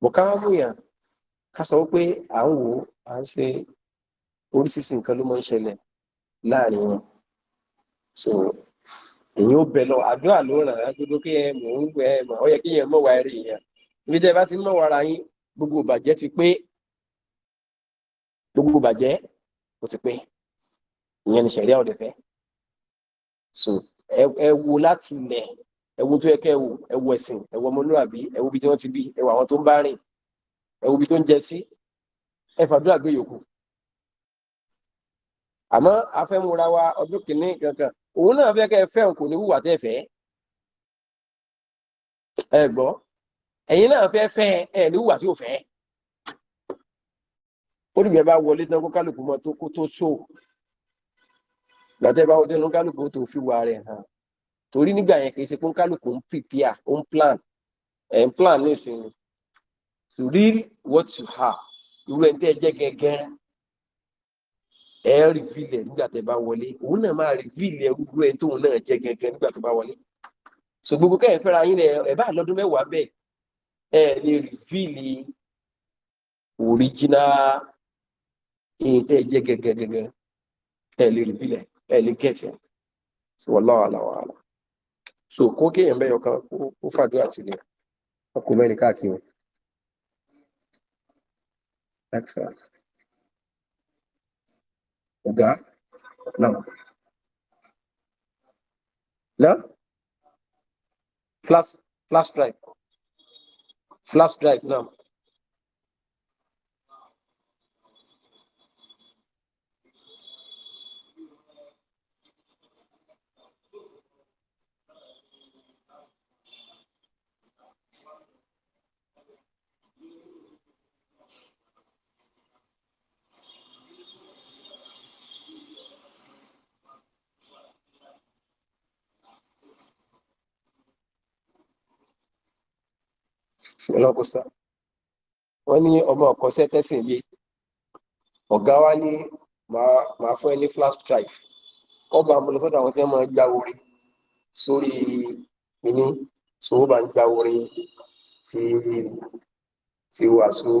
bọ̀káwá múyàn ká sọ pé à ń wò à ń ṣe oríṣiríṣi nǹkan ló máa ń ṣẹlẹ̀ láàrin wọn so èyí ó bẹ lọ àdúrà ló ràn án gbogbo kí ẹ mọ̀ ń gbẹ ẹ mọ̀ ọ yẹ kí yẹn mọ̀ wá rí yẹn ibi tẹ́ bá ti mọ̀ wá yín gbogbo ìbàjẹ́ ti pé gbogbo bàjẹ́ kò sí pé ìyẹn ni sẹ̀ríà ọ̀dẹ̀ fẹ́ so ẹ wo láti ilẹ̀ ẹ wo tó yẹ kẹ́ ẹ wo ẹ wo ẹ̀sìn ẹ wo ọmọlúwàbí ẹ wo ibi tí wọ́n ti bí ẹ àwọn tó ń bá rìn ẹ ibi tó ń jẹ sí ẹ fàdúrà gbé yòókù àmọ́ afẹ́múra wa ọdún kìíní kankan òun náà fẹ́ kẹ́ ẹ fẹ́ràn kò ní hùwà tẹ́ fẹ́ ẹ gbọ́ ẹ̀yin náà fẹ́ fẹ́ ẹ ní hùwà tí ò fẹ́ olùgbẹ́ bá wọlé tán kó kálukú mọ tó kó tó sò gbàtẹ́ bá wọlé tán kálukú tó fi wà rẹ̀ hàn torí nígbà yẹn kì í ṣe pé kálukú ń prepare ń plan ẹ̀ ń plan nísìnyí to read what you have irú ẹni tẹ́ ẹ jẹ́ gẹ́gẹ́ ẹ rìvílì ẹ̀ nígbà tẹ́ bá wọlé òun náà máa rìvílì ẹ̀ irú ẹni tóun náà jẹ́ gẹ́gẹ́ nígbà tó bá wọlé so gbogbo kẹ́yìn fẹ́ra yín ẹ̀ bá lọ́dún mẹ́wàá bẹ́ẹ̀ ẹ lè rìvílì original èyí tẹ́ jẹ́ gẹ́gẹ́gẹ́gẹ́ ẹ̀ lè rí bílẹ̀ ẹ̀ lè gẹ̀ẹ́tì ẹ̀ sí wọ́n láwà láwà àlà so kó kéèyàn bẹ́ẹ̀ ọkàn ó fàdúrà sí ni ọkùnrin mẹ́rin káàkiri excellent ọ̀gá náà náà flash flash drive flash drive náà. ọlọ́kọ̀sá wọ́n ní ọmọ ọ̀kọ́sẹ́ tẹ́sìn yé ọ̀gá wa ní màá fún ẹ ní flash drive ọba àmọ́lọ́sọ́dọ̀ àwọn tí wọ́n máa gba orin sórí ìní tó bá ń gba orin ti ti wàásù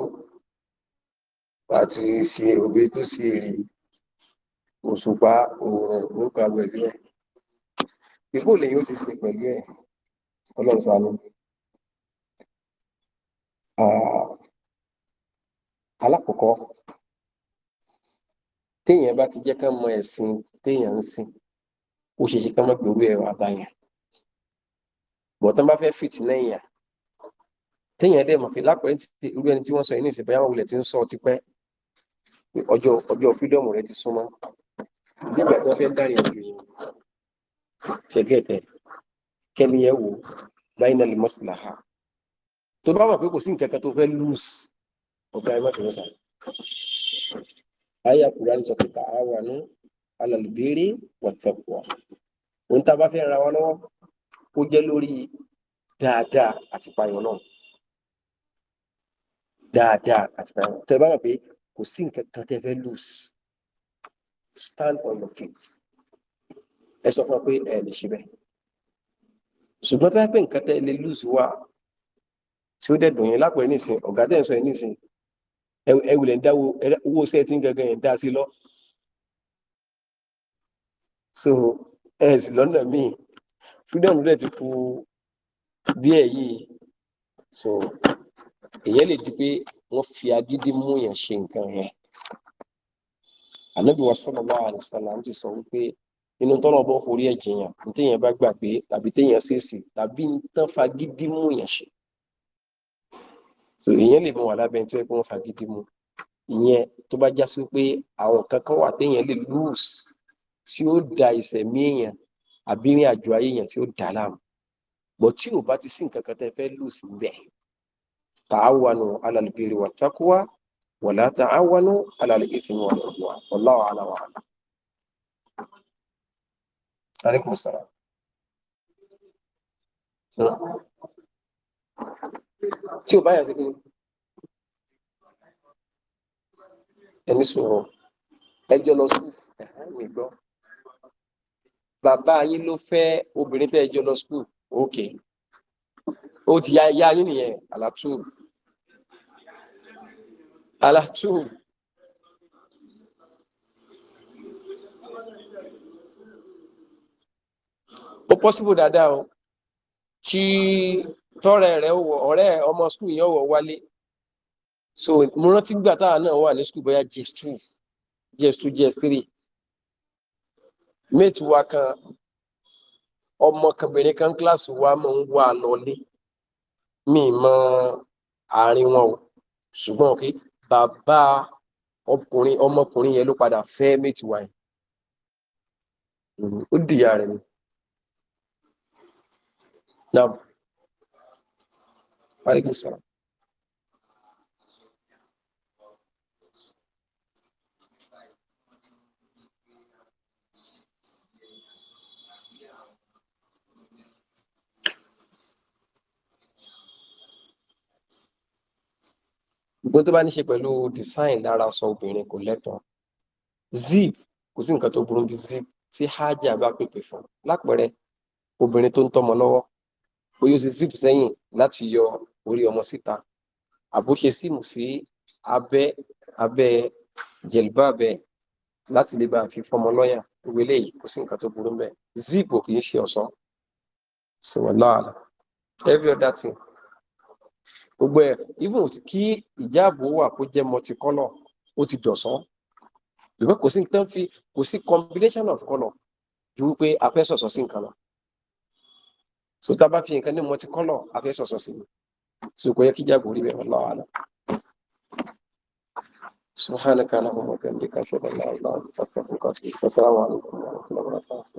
àti ṣe òbí tó ṣe èrè òṣùpá òòrùn orúkọ àgbẹ̀ sílẹ̀ ìbò lè yóò ṣe ṣe pẹ̀lú ẹ̀ ọlọ́sàánú alákọ̀ọ́kọ́ téèyàn bá ti jẹ́ kán mọ ẹ̀sìn téèyàn ń sìn ó ṣe ṣe kán mọ́ pẹ̀lú ẹ̀rọ àbáyàn bọ̀ tán bá fẹ́ fìtì náà yàn téèyàn dẹ̀ mọ̀ pé lápẹ̀rẹ́ ti irú ẹni tí wọ́n sọ yìí ní ìsìn bóyá wọ́n wulẹ̀ ti ń sọ ọtí pẹ́ ọjọ́ ọjọ́ fídọ́ọ̀mù rẹ ti súnmọ́ nígbà tí wọ́n fẹ́ dárí ẹ̀jọ̀ yìí ṣẹ̀gẹ́tẹ̀ kẹ́ni ẹ̀ wò báyìí náà lè mọ́sílà ha tó bá mọ̀ pé kò sí nǹkan kan tó fẹ́ lùs ọ̀gá ẹ̀ má fi wọ́n sàn. ayé àkùrá ń sọ pé ká àwọn àánú alàlùbẹ́rẹ́ wọ̀tẹ̀pọ̀ òun tá a bá fẹ́ ra wọn lọ́wọ́ kó jẹ́ lórí dáadáa àti payọ̀ náà dáadáa àti payọ̀ náà tẹ́ bá mọ̀ pé kò sí nǹkan kan fẹ́ lùs stand on your feet ẹ sọ fún wa pé ẹ lè ṣe bẹ́ẹ̀ ṣùgbọ́n tó bá pẹ́ nǹkan tẹ́ lè lùs wá tí ó dẹ̀ dùn yín lápẹ̀ nísìn ọ̀gá tẹ̀ ń sọ yín nísìn ẹ wulẹ̀ ń dá owó iṣẹ́ tí ń gangan yẹn dá sí lọ. so ẹ sì lọ́nà míì freedom rẹ̀ ti kú díẹ̀ yìí so èyẹ lè di pé wọ́n fi agídí mú yẹn ṣe nǹkan yẹn ànábì wa sallallahu alaihi wasallam ti sọ wípé inú tọ́nà ọbọ̀ forí ẹ̀jìyàn ní téèyàn bá gbà tàbí téèyàn ṣèèṣì tàbí ń tán fagídí mú yẹn ṣe so èèyàn lè mú wà lábẹ́ tó yẹ pé wọ́n fagídí mu ìyẹn tó bá já sí pé àwọn kankan wà téèyàn lè lose tí ó da ìsẹ̀mí èèyàn àbí ní àjọ ayé èèyàn tí ó dà láàmú bọ̀ tí ò bá ti sí nǹkan kan tẹ́ fẹ́ lose níbẹ̀ tààwánu alàlùbírí wà tákùwá wàlá tààwánu alàlùbírí wà tákùwá wallahu a'lam wa a'lam. Alaikum salaam tí ò bá yà kékeré ẹni sọ̀rọ̀ ẹjọ́ lọ sùn ẹ̀hánwé gbọ́ bàbá yín ló fẹ́ obìnrin tẹ́ ẹjọ́ lọ sùn òkè ó ti ya ya yín nìyẹn àlàtú àlàtú. ó pọ́sibú dáadáa o tí tọrẹ rẹ wọ ọrẹ ọmọ skul yẹn wọ wálé so mo rántí gbà táwa náà wà ní skul bóyá js two js two js three mate wa kan ọmọkùnrin kan kíláàsì wa máa ń wà lọlé mi mọ àárín wọn o ṣùgbọ́n òkè bàbá ọkùnrin ọmọkùnrin yẹn ló padà fẹ́ mate wa yẹn ó dìyà rẹ̀ ni. Now, وعليكم السلام gbogbo tó bá ní ṣe pẹ̀lú design lára aṣọ obìnrin kò lẹ́tọ̀ọ́ zip kò sí nǹkan tó burú bí zip tí hajjá bá pèpè fún lápẹẹrẹ obìnrin tó ń tọ́mọ lọ́wọ́ ó yóò ṣe zip sẹ́yìn láti yọ orí ọmọ síta àbóṣe síìmù sí abẹ́ abẹ́ jẹ̀lbábẹ́ láti lè bá fi fọmọ lọ́yà gbogbo eléyìí kò sí nǹkan tó burú mẹ́ zip kì í ṣe ọ̀ṣọ́ so wàláàlà every other thing gbogbo ẹ̀ even kí ìjáàbò wà kó jẹ́ multicolor ó ti dọ̀sán ìwé kò sí nǹkan fi kò sí combination of color ju wípé afẹ́sọ̀sọ̀ sí nǹkan lọ so tá a bá fi nǹkan ní multicolor afẹ́sọ̀sọ̀ sí ni so kò yẹ kí ìjà kò rí bẹ́ẹ̀ wallahu a'lam. سبحانك اللهم وبحمدك اشهد ان لا اله الا انت استغفرك واتوب اليك السلام عليكم ورحمه الله وبركاته